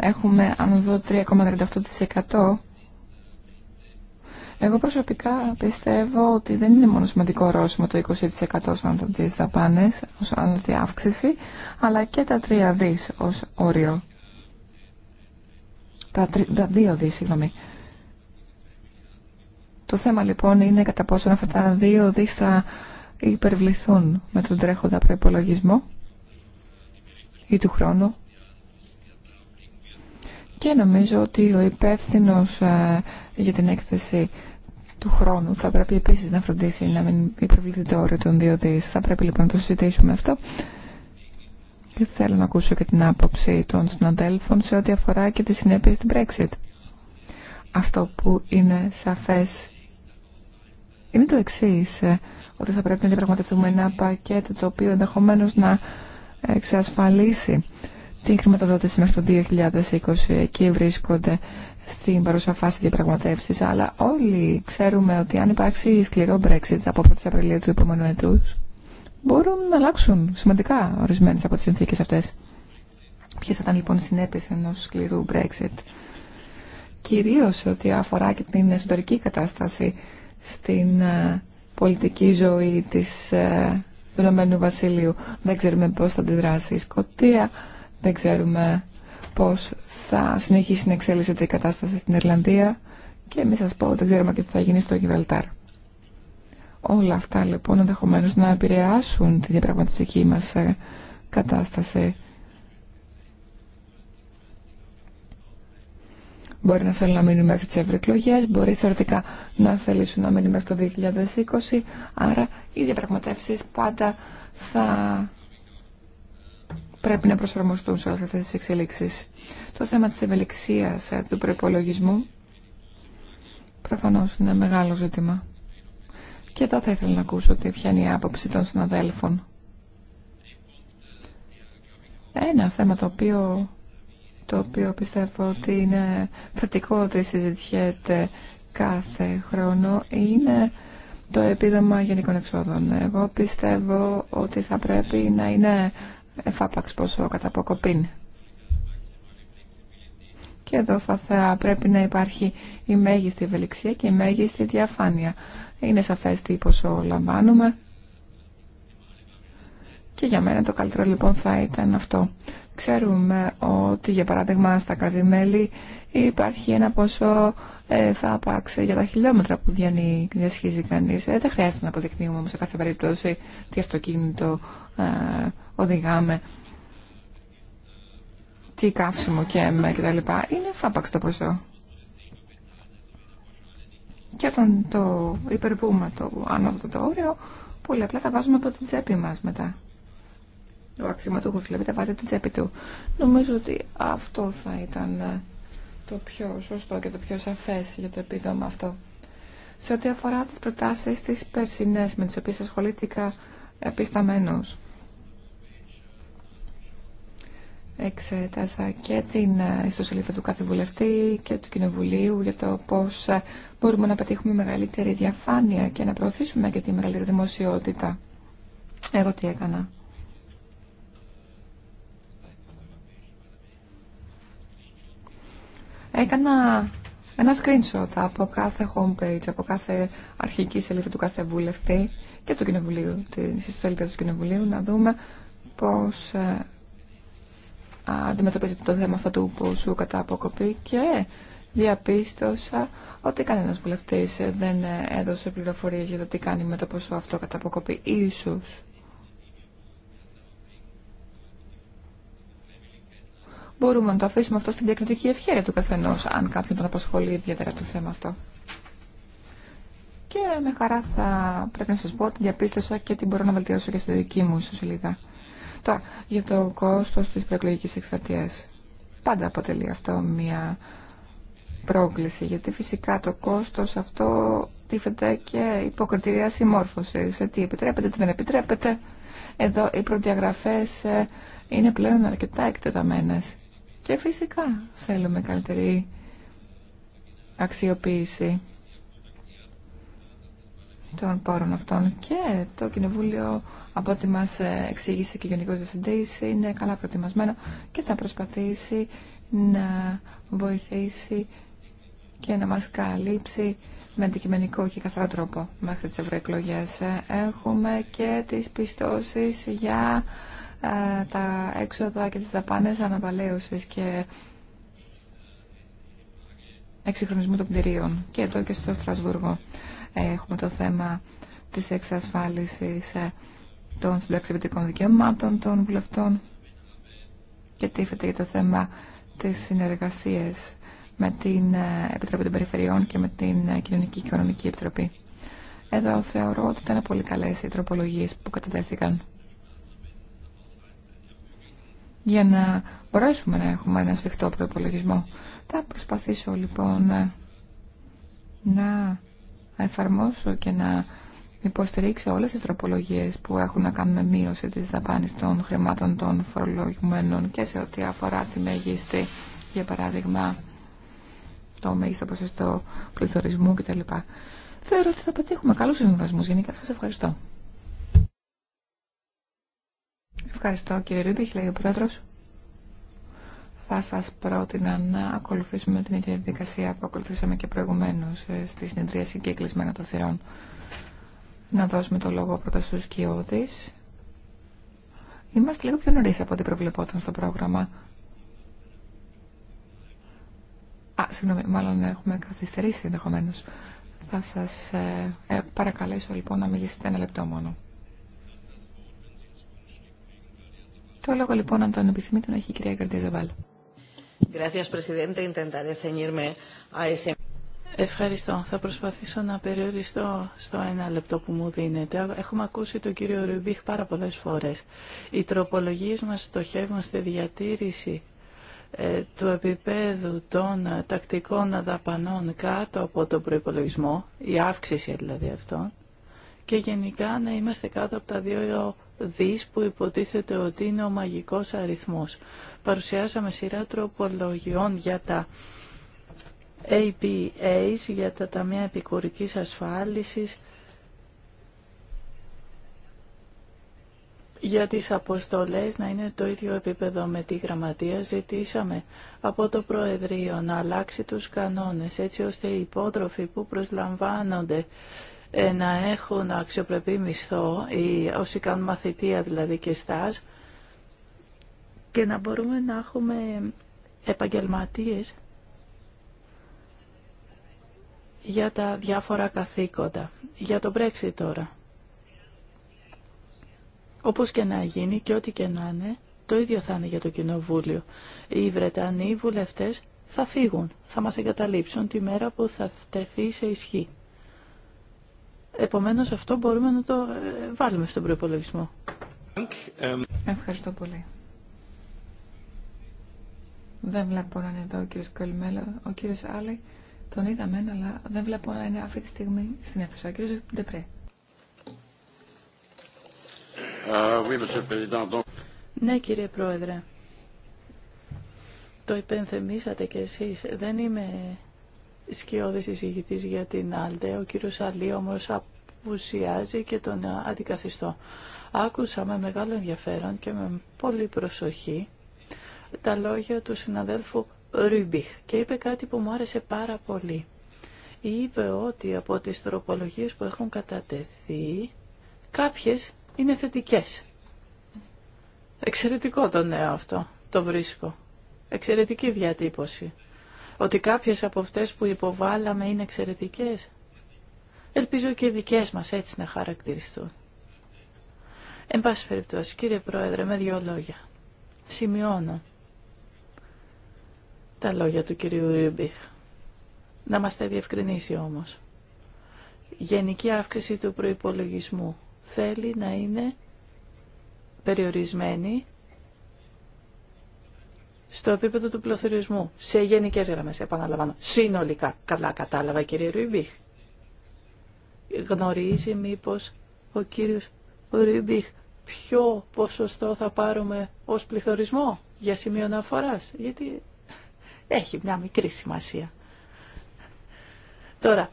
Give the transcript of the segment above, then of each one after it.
έχουμε, αν δω, 3,38%. Εγώ προσωπικά πιστεύω ότι δεν είναι μόνο σημαντικό ρώσιμο το 20% σαν τις δαπάνες, ως άνωτη αύξηση, αλλά και τα 3 δις ως όριο. Τα, τα 2 δις, συγγνώμη. Το θέμα λοιπόν είναι κατά πόσο αυτά τα 2 δις θα υπερβληθούν με τον τρέχοντα προπολογισμό ή του χρόνου και νομίζω ότι ο υπεύθυνο ε, για την έκθεση του χρόνου θα πρέπει επίση να φροντίσει να μην υπερβληθεί το όριο των δύο δι. Θα πρέπει λοιπόν να το συζητήσουμε αυτό. Και θέλω να ακούσω και την άποψη των συναδέλφων σε ό,τι αφορά και τις συνέπειες του Brexit. Αυτό που είναι σαφές είναι το εξή ε, ότι θα πρέπει να διαπραγματευτούμε ένα πακέτο το οποίο ενδεχομένω να εξασφαλίσει την χρηματοδότηση μέχρι το 2020. Εκεί βρίσκονται στην παρούσα φάση διαπραγματεύσει. Αλλά όλοι ξέρουμε ότι αν υπάρξει σκληρό Brexit από 1η Απριλίου του επόμενου έτου, μπορούν να αλλάξουν σημαντικά ορισμένε από τι συνθήκε αυτέ. Ποιε θα ήταν λοιπόν οι συνέπειε ενό σκληρού Brexit, κυρίω ό,τι αφορά και την εσωτερική κατάσταση στην ε, πολιτική ζωή της ε, Ηνωμένου Βασιλείου. Δεν ξέρουμε πώς θα αντιδράσει η Σκοτία, δεν ξέρουμε πώς θα συνεχίσει να εξέλιξεται η κατάσταση στην Ιρλανδία και μην σας πω, ότι δεν ξέρουμε και τι θα γίνει στο Γιβραλτάρ. Όλα αυτά λοιπόν ενδεχομένω να επηρεάσουν τη διαπραγματευτική μας ε, κατάσταση. Μπορεί να θέλουν να μείνουν μέχρι τι ευρωεκλογέ, μπορεί θεωρητικά να θέλουν να μείνουν μέχρι το 2020. Άρα οι διαπραγματεύσει πάντα θα πρέπει να προσαρμοστούν σε όλε αυτές τις εξελίξεις. Το θέμα της ευελιξίας ε, του προπολογισμού προφανώς είναι μεγάλο ζήτημα. Και εδώ θα ήθελα να ακούσω ότι ποια είναι η άποψη των συναδέλφων. Ένα θέμα το οποίο, το οποίο πιστεύω ότι είναι θετικό ότι συζητιέται κάθε χρόνο είναι το επίδομα γενικών εξόδων. Εγώ πιστεύω ότι θα πρέπει να είναι εφάπαξ ποσό κατά αποκοπήν. Και εδώ θα, θα πρέπει να υπάρχει η μέγιστη ευελιξία και η μέγιστη διαφάνεια. Είναι σαφές τι ποσό λαμβάνουμε. Και για μένα το καλύτερο λοιπόν θα ήταν αυτό. Ξέρουμε ότι, για παράδειγμα, στα κρατημέλη υπάρχει ένα ποσό ε, θα για τα χιλιόμετρα που διασχίζει κανείς. Ε, δεν χρειάζεται να αποδεικνύουμε όμως σε κάθε περίπτωση τι αυτοκίνητο ε, οδηγάμε, τι καύσιμο και με λοιπά. Είναι φάπαξ το ποσό. Και όταν το υπερβούμε το άνοδο το όριο, πολύ απλά θα βάζουμε από την τσέπη μας μετά ο αξιωματούχος δηλαδή τα βάζει την τσέπη του. Νομίζω ότι αυτό θα ήταν ε, το πιο σωστό και το πιο σαφές για το επίδομα αυτό. Σε ό,τι αφορά τις προτάσεις της περσινές με τις οποίες ασχολήθηκα επισταμένως. Εξέτασα και την ε, ιστοσελίδα του κάθε βουλευτή και του Κοινοβουλίου για το πώς ε, μπορούμε να πετύχουμε μεγαλύτερη διαφάνεια και να προωθήσουμε και τη μεγαλύτερη δημοσιότητα. Εγώ τι έκανα. Έκανα ένα screenshot από κάθε homepage, από κάθε αρχική σελίδα του κάθε βουλευτή και του κοινοβουλίου, της ιστοσελίδα του κοινοβουλίου, να δούμε πώς ε, αντιμετωπίζεται το θέμα αυτό του ποσού κατά αποκοπή και διαπίστωσα ότι κανένα βουλευτή ε, δεν ε, έδωσε πληροφορία για το τι κάνει με το ποσό αυτό κατά αποκοπή. Ίσως Μπορούμε να το αφήσουμε αυτό στην διακριτική ευχαίρεια του καθενό, αν κάποιον τον απασχολεί ιδιαίτερα το θέμα αυτό. Και με χαρά θα πρέπει να σα πω ότι διαπίστωσα και την μπορώ να βελτιώσω και στη δική μου σελίδα. Τώρα, για το κόστο τη προεκλογική εκστρατεία. Πάντα αποτελεί αυτό μια πρόκληση, γιατί φυσικά το κόστος αυτό τίφεται και υποκριτήρια συμμόρφωσης. Ε, τι επιτρέπεται, τι δεν επιτρέπεται. Εδώ οι προδιαγραφέ ε, είναι πλέον αρκετά εκτεταμένε. Και φυσικά θέλουμε καλύτερη αξιοποίηση των πόρων αυτών και το Κοινοβούλιο από ό,τι μας εξήγησε και ο Γενικό Διευθυντή, είναι καλά προετοιμασμένο και θα προσπαθήσει να βοηθήσει και να μας καλύψει με αντικειμενικό και καθαρό τρόπο μέχρι τις ευρωεκλογές. Έχουμε και τις πιστώσεις για ε, τα έξοδα και τις δαπάνες αναβαλαίωσης και εξυγχρονισμού των κτηρίων. Και εδώ και στο Στρασβούργο ε, έχουμε το θέμα της εξασφάλισης ε, των συνταξιβητικών δικαιωμάτων των βουλευτών και τίθεται για το θέμα της συνεργασίας με την Επιτροπή των Περιφερειών και με την Κοινωνική και Οικονομική Επιτροπή. Εδώ θεωρώ ότι ήταν πολύ καλές οι τροπολογίες που κατατέθηκαν για να μπορέσουμε να έχουμε ένα σφιχτό προπολογισμό. Θα προσπαθήσω λοιπόν να εφαρμόσω και να υποστηρίξω όλες τις τροπολογίες που έχουν να κάνουν με μείωση της δαπάνης των χρημάτων των φορολογημένων και σε ό,τι αφορά τη μέγιστη, για παράδειγμα, το μέγιστο ποσοστό πληθωρισμού κτλ. Θεωρώ ότι θα πετύχουμε καλούς συμβιβασμούς. Γενικά σας ευχαριστώ. Ευχαριστώ κύριε Ρούμπιχ, λέει ο Πρόεδρος. Θα σας πρότεινα να ακολουθήσουμε την ίδια διαδικασία που ακολουθήσαμε και προηγουμένως ε, στη συνεδρίαση και κλεισμένα των θυρών. Να δώσουμε το λόγο πρώτα στους κοιότης. Είμαστε λίγο πιο νωρίς από ό,τι προβλεπόταν στο πρόγραμμα. Α, συγγνώμη, μάλλον έχουμε καθυστερήσει ενδεχομένω. Θα σας ε, ε, παρακαλέσω λοιπόν να μιλήσετε ένα λεπτό μόνο. Το λόγο λοιπόν, αν τον επιθυμεί, τον έχει η κυρία Καρτία Ευχαριστώ. Θα προσπαθήσω να περιοριστώ στο ένα λεπτό που μου δίνεται. Έχουμε ακούσει τον κύριο Ρουμπίχ πάρα πολλές φορές. Οι τροπολογίες μας στοχεύουν στη διατήρηση ε, του επίπεδου των τακτικών δαπανών κάτω από τον προϋπολογισμό, η αύξηση δηλαδή αυτών, και γενικά να είμαστε κάτω από τα δύο δις που υποτίθεται ότι είναι ο μαγικός αριθμός. Παρουσιάσαμε σειρά τροπολογιών για τα APAs, για τα Ταμεία Επικουρικής Ασφάλισης, για τις αποστολές να είναι το ίδιο επίπεδο με τη γραμματεία ζητήσαμε από το Προεδρείο να αλλάξει τους κανόνες έτσι ώστε οι υπότροφοι που προσλαμβάνονται ε, να έχουν αξιοπρεπή μισθό, η όσοι κάνουν μαθητεία δηλαδή και στάζ, και να μπορούμε να έχουμε επαγγελματίες για τα διάφορα καθήκοντα. Για το Brexit τώρα. Όπως και να γίνει και ό,τι και να είναι, το ίδιο θα είναι για το Κοινοβούλιο. Οι Βρετανοί βουλευτές θα φύγουν, θα μας εγκαταλείψουν τη μέρα που θα τεθεί σε ισχύ. Επομένως αυτό μπορούμε να το ε, βάλουμε στον προϋπολογισμό. Ευχαριστώ πολύ. Δεν βλέπω να είναι εδώ ο κύριος Κολμέλο. Ο κύριος Άλλη τον είδαμε, αλλά δεν βλέπω να είναι αυτή τη στιγμή στην αίθουσα. Ο κύριος Ντεπρέ. Ναι, κύριε Πρόεδρε. Το υπενθυμίσατε κι εσείς. Δεν είμαι σκιώδης εισηγητής για την ΑΛΤΕ. Ο κύριος Αλή όμως απουσιάζει και τον αντικαθιστώ. Άκουσα με μεγάλο ενδιαφέρον και με πολύ προσοχή τα λόγια του συναδέλφου Ρούμπιχ και είπε κάτι που μου άρεσε πάρα πολύ. Είπε ότι από τις τροπολογίες που έχουν κατατεθεί κάποιες είναι θετικές. Εξαιρετικό το νέο αυτό, το βρίσκω. Εξαιρετική διατύπωση ότι κάποιες από αυτές που υποβάλαμε είναι εξαιρετικές. Ελπίζω και οι δικές μας έτσι να χαρακτηριστούν. Εν πάση περιπτώσει, κύριε Πρόεδρε, με δύο λόγια. Σημειώνω τα λόγια του κυρίου Ρίμπιχ. Να μας τα διευκρινίσει όμως. Γενική αύξηση του προϋπολογισμού θέλει να είναι περιορισμένη στο επίπεδο του πληθωρισμού, σε γενικέ γραμμέ, επαναλαμβάνω, συνολικά. Καλά κατάλαβα, κύριε Ρουιμπίχ. Γνωρίζει μήπως ο κύριο Ρουιμπίχ ποιο ποσοστό θα πάρουμε ως πληθωρισμό για σημείο αναφορά. γιατί έχει μια μικρή σημασία. Τώρα,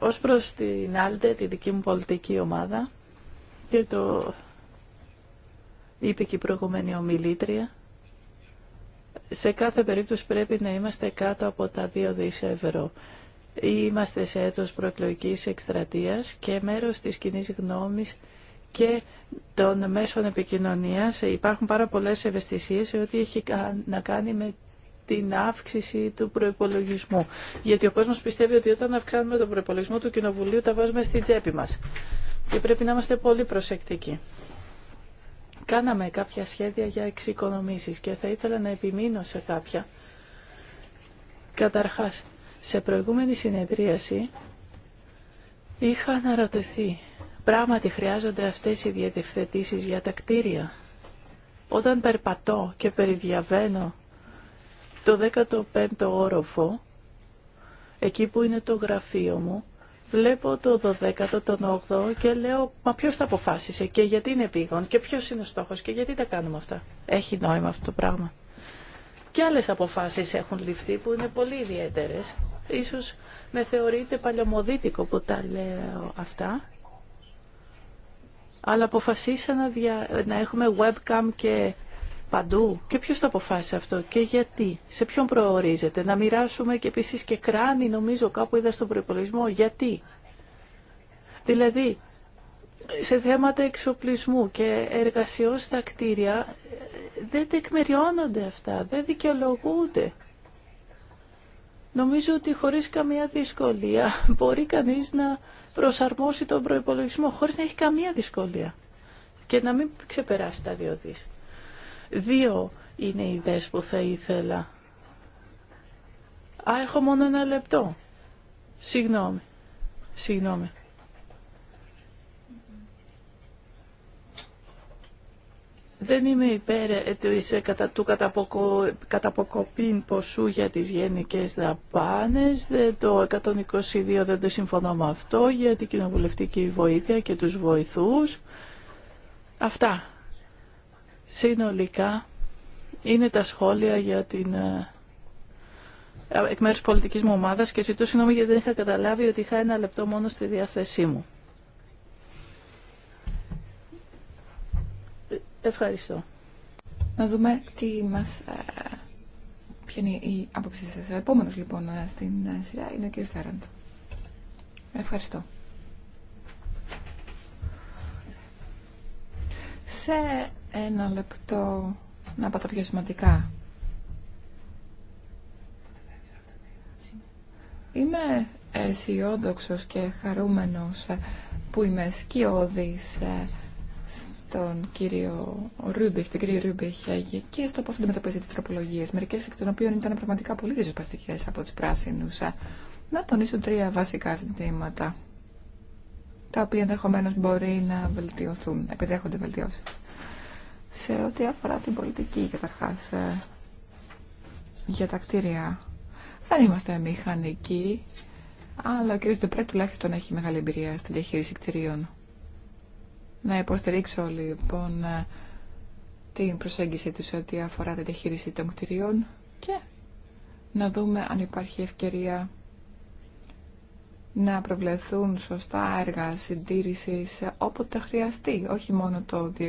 ως προς την Άλτε, τη δική μου πολιτική ομάδα, και το είπε και η προηγούμενη ομιλήτρια, σε κάθε περίπτωση πρέπει να είμαστε κάτω από τα 2 δις ευρώ. Είμαστε σε έτος προεκλογικής εκστρατείας και μέρος της κοινή γνώμης και των μέσων επικοινωνίας. Υπάρχουν πάρα πολλές ευαισθησίες σε ό,τι έχει να κάνει με την αύξηση του προπολογισμού. Γιατί ο κόσμος πιστεύει ότι όταν αυξάνουμε τον προπολογισμό του Κοινοβουλίου τα βάζουμε στην τσέπη μας. Και πρέπει να είμαστε πολύ προσεκτικοί. Κάναμε κάποια σχέδια για εξοικονομήσεις και θα ήθελα να επιμείνω σε κάποια. Καταρχάς, σε προηγούμενη συνεδρίαση είχα αναρωτηθεί πράγματι χρειάζονται αυτές οι διατευθετήσεις για τα κτίρια. Όταν περπατώ και περιδιαβαίνω το 15ο όροφο, εκεί που είναι το γραφείο μου, Βλέπω το 12ο, τον 8ο και λέω, μα ποιο τα αποφάσισε και γιατί είναι επίγον και ποιο είναι ο στόχος και γιατί τα κάνουμε αυτά. Έχει νόημα αυτό το πράγμα. Και άλλε αποφάσεις έχουν ληφθεί που είναι πολύ ιδιαίτερε. Ίσως με θεωρείτε παλαιομοδίτικο που τα λέω αυτά. Αλλά αποφασίσα να, να έχουμε webcam και παντού και ποιο το αποφάσισε αυτό και γιατί, σε ποιον προορίζεται, να μοιράσουμε και επίση και κράνη νομίζω κάπου είδα στον προπολογισμό, γιατί. Δηλαδή, σε θέματα εξοπλισμού και εργασιών στα κτίρια ε, δεν τεκμηριώνονται αυτά, δεν δικαιολογούνται. Νομίζω ότι χωρίς καμία δυσκολία μπορεί κανείς να προσαρμόσει τον προϋπολογισμό χωρίς να έχει καμία δυσκολία και να μην ξεπεράσει τα δύο Δύο είναι οι ιδέες που θα ήθελα. Α, έχω μόνο ένα λεπτό. Συγγνώμη. Συγγνώμη. Δεν είμαι υπέρ ε, ε, κατά, του καταποκοπήν ποσού για τις γενικές δαπάνες. το 122 δεν το συμφωνώ με αυτό για την κοινοβουλευτική βοήθεια και τους βοηθούς. Αυτά. Συνολικά είναι τα σχόλια για την ε, εκ μέρους πολιτικής μου ομάδας και ζητώ συγγνώμη γιατί δεν είχα καταλάβει ότι είχα ένα λεπτό μόνο στη διάθεσή μου. Ευχαριστώ. Να δούμε τι μας... Ε, ποια είναι η άποψή σας. Ο επόμενος λοιπόν ε, στην σειρά είναι ο κ. Θέραντ. Ευχαριστώ. Σε ένα λεπτό να πάω τα πιο σημαντικά. Είμαι αισιόδοξο και χαρούμενος που είμαι σκιώδης ε, τον κύριο Ρούμπιχ, την κυρία Ρούμπιχ και στο πώς αντιμετωπίζει τις τροπολογίες, μερικές εκ των οποίων ήταν πραγματικά πολύ ριζοσπαστικέ από τις πράσινους. Ε, να τονίσω τρία βασικά ζητήματα, τα οποία ενδεχομένω μπορεί να βελτιωθούν, επειδή έχονται βελτιώσεις. Σε ό,τι αφορά την πολιτική, ε, για τα κτίρια, δεν είμαστε μηχανικοί, αλλά ο κ. Ντεπρέ τουλάχιστον έχει μεγάλη εμπειρία στη διαχείριση κτιριών. Να υποστηρίξω λοιπόν ε, την προσέγγιση του σε ό,τι αφορά τη διαχείριση των κτιριών και να δούμε αν υπάρχει ευκαιρία να προβλεφθούν σωστά έργα συντήρησης όποτε χρειαστεί, όχι μόνο το 2019.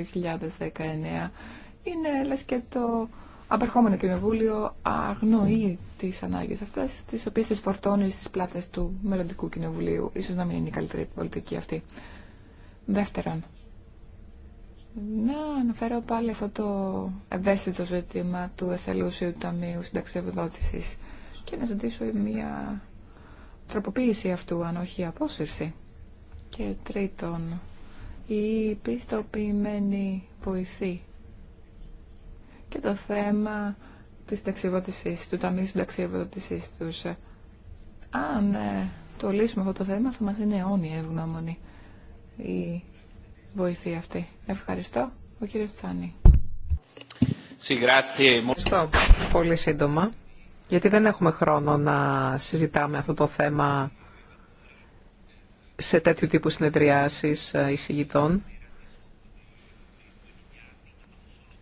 Είναι λες και το απερχόμενο κοινοβούλιο αγνοεί τις ανάγκες αυτές, τις οποίες τις φορτώνει στις πλάτες του μελλοντικού κοινοβουλίου. Ίσως να μην είναι η καλύτερη πολιτική αυτή. Δεύτερον, να αναφέρω πάλι αυτό το ευαίσθητο ζήτημα του εθελούσιου ταμείου συνταξιευδότησης και να ζητήσω μια τροποποίηση αυτού, αν όχι απόσυρση. Και τρίτον, η πιστοποιημένη βοηθή και το θέμα της συνταξιοδότησης, του Ταμείου Συνταξιοδότησης τους. Αν ε, το λύσουμε αυτό το θέμα θα μας είναι αιώνια ευγνώμονη η βοηθή αυτή. Ευχαριστώ. Ο κύριος Τσάνη. Ευχαριστώ πολύ σύντομα γιατί δεν έχουμε χρόνο να συζητάμε αυτό το θέμα σε τέτοιου τύπου συνεδριάσεις ε, εισηγητών.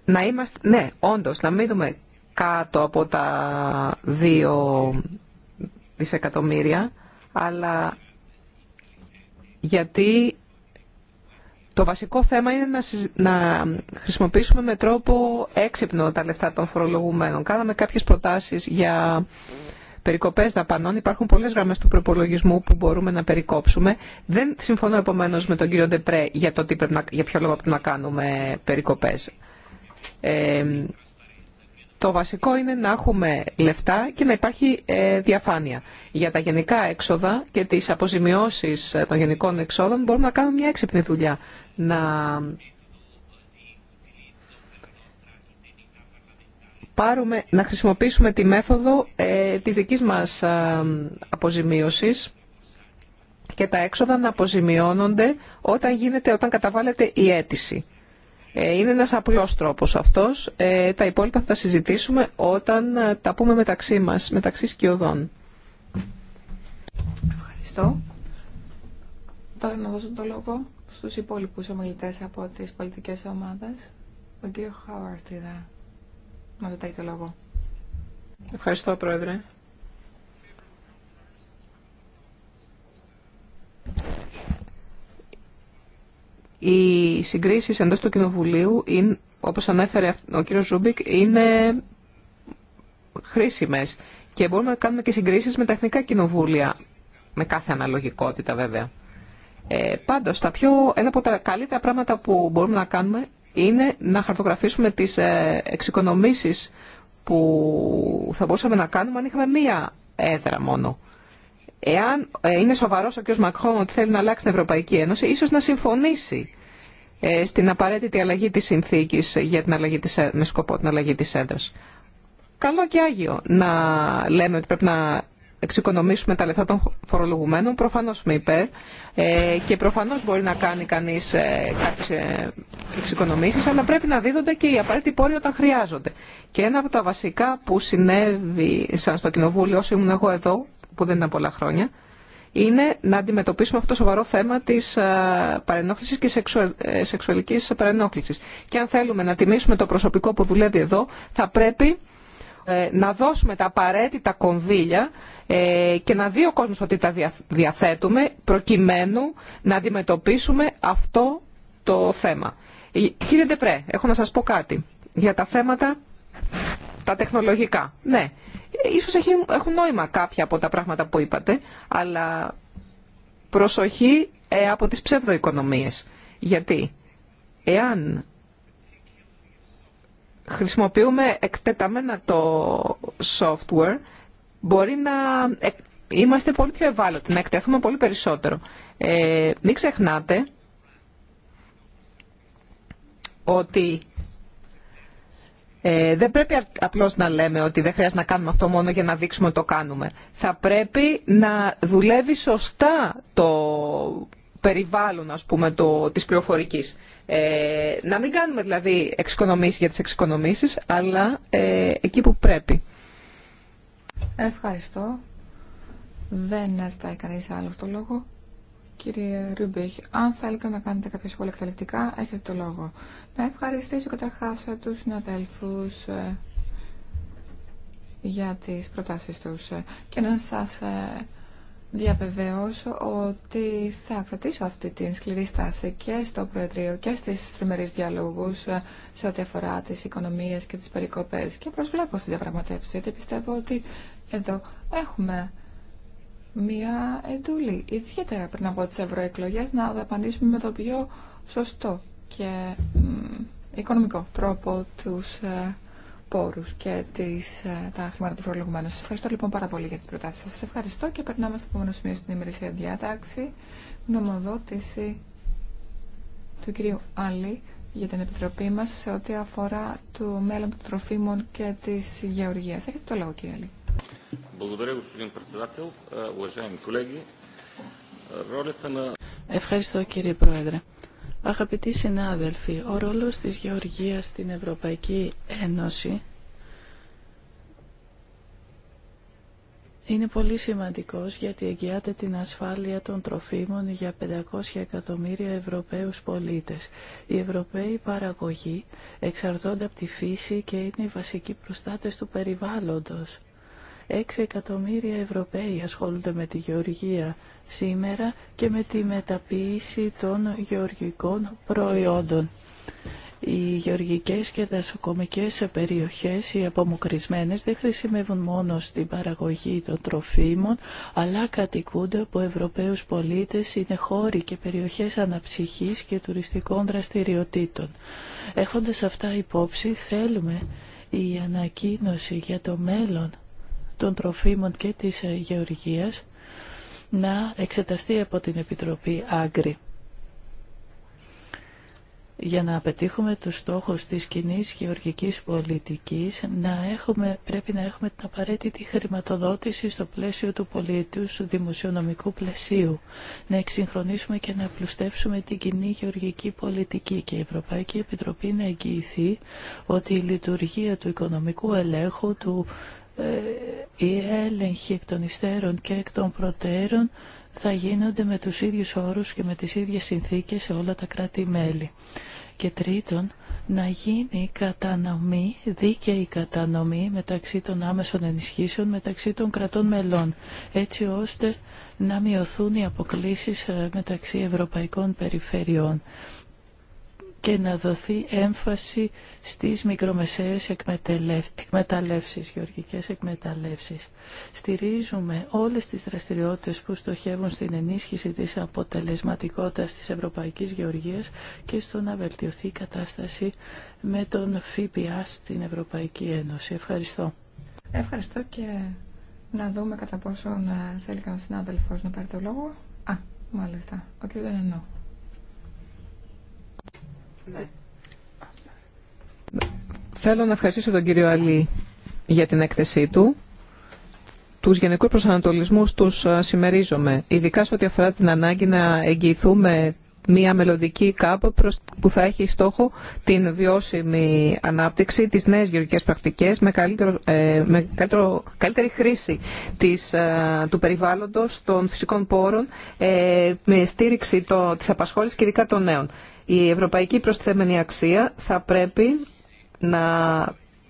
Να είμαστε, ναι, όντως, να μείνουμε κάτω από τα δύο δισεκατομμύρια, αλλά γιατί το βασικό θέμα είναι να, να χρησιμοποιήσουμε με τρόπο έξυπνο τα λεφτά των φορολογουμένων. Κάναμε κάποιες προτάσεις για περικοπές δαπανών. Υπάρχουν πολλές γραμμές του προπολογισμού που μπορούμε να περικόψουμε. Δεν συμφωνώ επομένω με τον κύριο Ντεπρέ για, το τι πρέπει να, για ποιο λόγο πρέπει να κάνουμε περικοπές. Ε, το βασικό είναι να έχουμε λεφτά και να υπάρχει ε, διαφάνεια. Για τα γενικά έξοδα και τις αποζημιώσεις ε, των γενικών εξόδων μπορούμε να κάνουμε μια έξυπνη δουλειά να πάρουμε, να χρησιμοποιήσουμε τη μέθοδο ε, της δικής μας αποζημίωσης και τα έξοδα να αποζημιώνονται όταν, γίνεται, όταν καταβάλλεται η αίτηση. Ε, είναι ένας απλός τρόπος αυτός. Ε, τα υπόλοιπα θα συζητήσουμε όταν ε, τα πούμε μεταξύ μας, μεταξύ σκιωδών. Ευχαριστώ. Τώρα να δώσω το λόγο στους υπόλοιπους ομιλητές από τις πολιτικές ομάδες. Ο κύριο Χαουαρτίδα μας ζητάει το λόγο. Ευχαριστώ, Πρόεδρε. Οι συγκρίσεις εντός του Κοινοβουλίου, είναι, όπως ανέφερε ο κύριος Ζούμπικ, είναι χρήσιμες και μπορούμε να κάνουμε και συγκρίσεις με τα εθνικά κοινοβούλια, με κάθε αναλογικότητα βέβαια. Ε, πάντως, ένα από τα καλύτερα πράγματα που μπορούμε να κάνουμε είναι να χαρτογραφήσουμε τις ε, εξοικονομήσεις που θα μπορούσαμε να κάνουμε αν είχαμε μία έδρα μόνο. Εάν ε, είναι σοβαρό ο κ. Μακχόν ότι θέλει να αλλάξει την Ευρωπαϊκή Ένωση, ίσω να συμφωνήσει ε, στην απαραίτητη αλλαγή τη συνθήκη για της, με σκοπό την αλλαγή τη έδρα. Καλό και άγιο να λέμε ότι πρέπει να εξοικονομήσουμε τα λεφτά των φορολογουμένων. Προφανώς με υπέρ ε, και προφανώς μπορεί να κάνει κανείς ε, κάποιες ε, εξοικονομήσεις, αλλά πρέπει να δίδονται και οι απαραίτητοι πόροι όταν χρειάζονται. Και ένα από τα βασικά που συνέβη σαν στο Κοινοβούλιο όσοι ήμουν εγώ εδώ, που δεν ήταν πολλά χρόνια, είναι να αντιμετωπίσουμε αυτό το σοβαρό θέμα της ε, παρενόχλησης και σεξουαλική ε, σεξουαλικής παρενόχλησης. Και αν θέλουμε να τιμήσουμε το προσωπικό που δουλεύει εδώ, θα πρέπει ε, να δώσουμε τα απαραίτητα κονδύλια ε, και να δει ο κόσμος ότι τα διαθέτουμε προκειμένου να αντιμετωπίσουμε αυτό το θέμα. Ε, κύριε Ντεπρέ, έχω να σας πω κάτι για τα θέματα τα τεχνολογικά. Ναι, ίσως έχουν νόημα κάποια από τα πράγματα που είπατε, αλλά προσοχή από τις ψευδοοικονομίες. Γιατί εάν χρησιμοποιούμε εκτεταμένα το software, μπορεί να ε, είμαστε πολύ πιο ευάλωτοι, να εκτεθούμε πολύ περισσότερο. Ε, μην ξεχνάτε ότι ε, δεν πρέπει απλώς να λέμε ότι δεν χρειάζεται να κάνουμε αυτό μόνο για να δείξουμε ότι το κάνουμε. Θα πρέπει να δουλεύει σωστά το περιβάλλον ας πούμε, το, της πληροφορικής. Ε, να μην κάνουμε δηλαδή εξοικονομήσεις για τις εξοικονομήσεις, αλλά ε, εκεί που πρέπει. Ευχαριστώ. Δεν ζητάει κανεί άλλο το λόγο. Κύριε Ρούμπιχ, αν θέλετε να κάνετε κάποια σχόλια εκτελεκτικά, έχετε το λόγο. Να ευχαριστήσω καταρχά του συναδέλφου ε, για τις προτάσεις τους ε, και να σας ε, διαβεβαιώσω ότι θα κρατήσω αυτή την σκληρή στάση και στο Προεδρείο και στις τριμερείς διαλόγους ε, σε ό,τι αφορά τις οικονομίες και τις περικοπές και προσβλέπω στη διαπραγματεύση γιατί πιστεύω ότι εδώ έχουμε μια εντούλη ιδιαίτερα πριν από τις ευρωεκλογέ να δαπανίσουμε με το πιο σωστό και οικονομικό τρόπο τους ε, πόρους και τις, ε, τα χρήματα του φορολογουμένου. Σας ευχαριστώ λοιπόν πάρα πολύ για τις προτάσεις σας. ευχαριστώ και περνάμε στο επόμενο σημείο στην ημερήσια διάταξη. Νομοδότηση του κυρίου Άλλη για την Επιτροπή μας σε ό,τι αφορά το μέλλον των τροφίμων και της γεωργίας. Έχετε το λόγο κύριε Άλλη. Ευχαριστώ κύριε Πρόεδρε. Αγαπητοί συνάδελφοι, ο ρόλος της Γεωργίας στην Ευρωπαϊκή Ένωση είναι πολύ σημαντικός γιατί εγγυάται την ασφάλεια των τροφίμων για 500 εκατομμύρια Ευρωπαίους πολίτες. Οι Ευρωπαίοι παραγωγοί εξαρτώνται από τη φύση και είναι οι βασικοί προστάτες του περιβάλλοντος. 6 εκατομμύρια Ευρωπαίοι ασχολούνται με τη γεωργία σήμερα και με τη μεταποίηση των γεωργικών προϊόντων. Οι γεωργικές και δασοκομικές περιοχές, οι απομοκρισμένες, δεν χρησιμεύουν μόνο στην παραγωγή των τροφίμων, αλλά κατοικούνται από Ευρωπαίους πολίτες, είναι χώροι και περιοχές αναψυχής και τουριστικών δραστηριοτήτων. Έχοντας αυτά υπόψη, θέλουμε η ανακοίνωση για το μέλλον των τροφίμων και της ε, γεωργίας να εξεταστεί από την Επιτροπή Άγκρη για να πετύχουμε τους στόχους της κοινή γεωργικής πολιτικής να έχουμε, πρέπει να έχουμε την απαραίτητη χρηματοδότηση στο πλαίσιο του του δημοσιονομικού πλαισίου, να εξυγχρονίσουμε και να πλουστεύσουμε την κοινή γεωργική πολιτική και η Ευρωπαϊκή Επιτροπή να εγγυηθεί ότι η λειτουργία του οικονομικού ελέγχου, του ε, οι έλεγχοι εκ των υστέρων και εκ των προτέρων θα γίνονται με τους ίδιους όρους και με τις ίδιες συνθήκες σε όλα τα κράτη-μέλη. Και τρίτον, να γίνει κατανομή, δίκαιη κατανομή μεταξύ των άμεσων ενισχύσεων, μεταξύ των κρατών μελών, έτσι ώστε να μειωθούν οι αποκλήσεις ε, μεταξύ ευρωπαϊκών περιφερειών και να δοθεί έμφαση στις μικρομεσαίες εκμεταλλεύσεις, γεωργικές εκμεταλλεύσεις. Στηρίζουμε όλες τις δραστηριότητες που στοχεύουν στην ενίσχυση της αποτελεσματικότητας της Ευρωπαϊκής Γεωργίας και στο να βελτιωθεί η κατάσταση με τον ΦΠΑ στην Ευρωπαϊκή Ένωση. Ευχαριστώ. Ευχαριστώ και να δούμε κατά πόσο ε, θέλει κανένα συνάδελφος να πάρει το λόγο. Α, μάλιστα. Ο κ. Ναι. Θέλω να ευχαριστήσω τον κύριο Αλή για την έκθεσή του. Τους γενικούς προσανατολισμούς τους συμμερίζομαι, ειδικά σε ό,τι αφορά την ανάγκη να εγγυηθούμε μια μελλοντική κάπο που θα έχει στόχο την βιώσιμη ανάπτυξη, τις νέες γεωργικές πρακτικές με, ε, με καλύτερο, καλύτερη χρήση της, του περιβάλλοντος, των φυσικών πόρων, ε, με στήριξη το, της απασχόλησης και ειδικά των νέων. Η ευρωπαϊκή προστιθέμενη αξία θα πρέπει να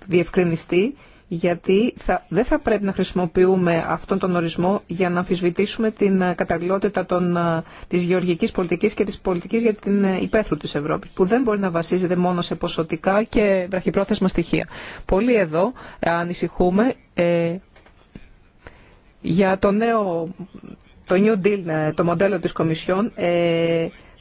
διευκρινιστεί γιατί θα, δεν θα πρέπει να χρησιμοποιούμε αυτόν τον ορισμό για να αμφισβητήσουμε την ε, καταλληλότητα των, ε, της γεωργικής πολιτικής και της πολιτικής για την ε, υπαίθρου της Ευρώπης, που δεν μπορεί να βασίζεται μόνο σε ποσοτικά και βραχυπρόθεσμα στοιχεία. Πολλοί εδώ ανησυχούμε για το νέο, το New Deal, το μοντέλο της Κομισιόν,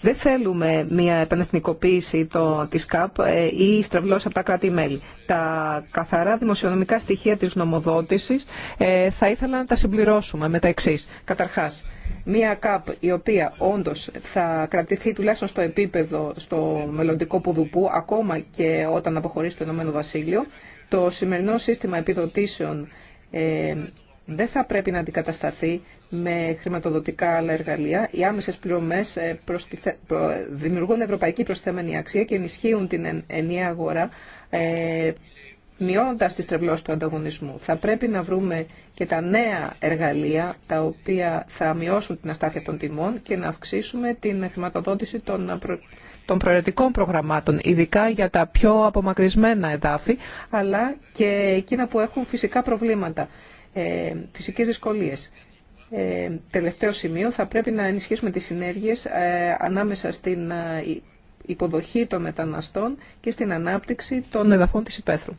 δεν θέλουμε μια επανεθνικοποίηση τη της ΚΑΠ ε, ή στρεβλώσει από τα κράτη-μέλη. Τα καθαρά δημοσιονομικά στοιχεία της νομοδότησης ε, θα ήθελα να τα συμπληρώσουμε με τα εξή. Καταρχάς, μια ΚΑΠ η οποία όντως θα κρατηθεί τουλάχιστον στο επίπεδο, στο μελλοντικό πουδουπού, ακόμα και όταν αποχωρήσει το Ηνωμένο Βασίλειο, το σημερινό σύστημα επιδοτήσεων ε, δεν θα πρέπει να αντικατασταθεί με χρηματοδοτικά άλλα εργαλεία. Οι άμεσες πληρωμές ε, δημιουργούν ευρωπαϊκή προσθέμενη αξία και ενισχύουν την ενιαία αγορά ε, μειώνοντας τις τρευλώσεις του ανταγωνισμού. Θα πρέπει να βρούμε και τα νέα εργαλεία τα οποία θα μειώσουν την αστάθεια των τιμών και να αυξήσουμε την χρηματοδότηση των, προ... των προαιρετικών προγραμμάτων, ειδικά για τα πιο απομακρυσμένα εδάφη, αλλά και εκείνα που έχουν φυσικά προβλήματα ε, φυσικές δυσκολίες. Ε, τελευταίο σημείο, θα πρέπει να ενισχύσουμε τις συνέργειες ε, ανάμεσα στην ε, υποδοχή των μεταναστών και στην ανάπτυξη των εδαφών της υπαίθρου.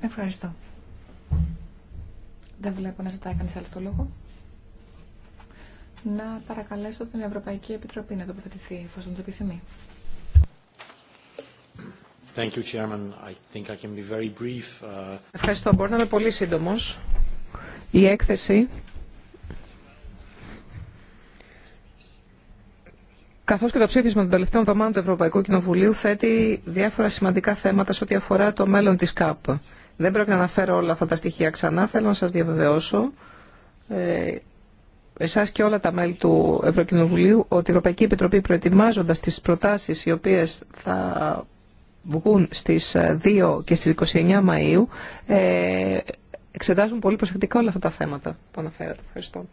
Ευχαριστώ. Δεν βλέπω να ζητάει κανείς άλλο το λόγο. Να παρακαλέσω την Ευρωπαϊκή Επιτροπή να τοποθετηθεί εφόσον το επιθυμεί. Thank you, Chairman. I think I can be very brief. Uh, Ευχαριστώ. Μπορώ να είμαι πολύ σύντομο. Η έκθεση, Καθώ και το ψήφισμα των τελευταίων εβδομάδων του Ευρωπαϊκού Κοινοβουλίου, θέτει διάφορα σημαντικά θέματα σε ό,τι αφορά το μέλλον τη ΚΑΠ. Δεν πρέπει να αναφέρω όλα αυτά τα στοιχεία ξανά. Θέλω να σα διαβεβαιώσω, ε, και όλα τα μέλη του Ευρωκοινοβουλίου, ότι η Ευρωπαϊκή Επιτροπή προετοιμάζοντα τι προτάσει οι οποίε θα βγουν στις 2 ε, και στις 29 Μαΐου ε, εξετάζουν πολύ προσεκτικά όλα αυτά τα θέματα που αναφέρατε. Ευχαριστώ.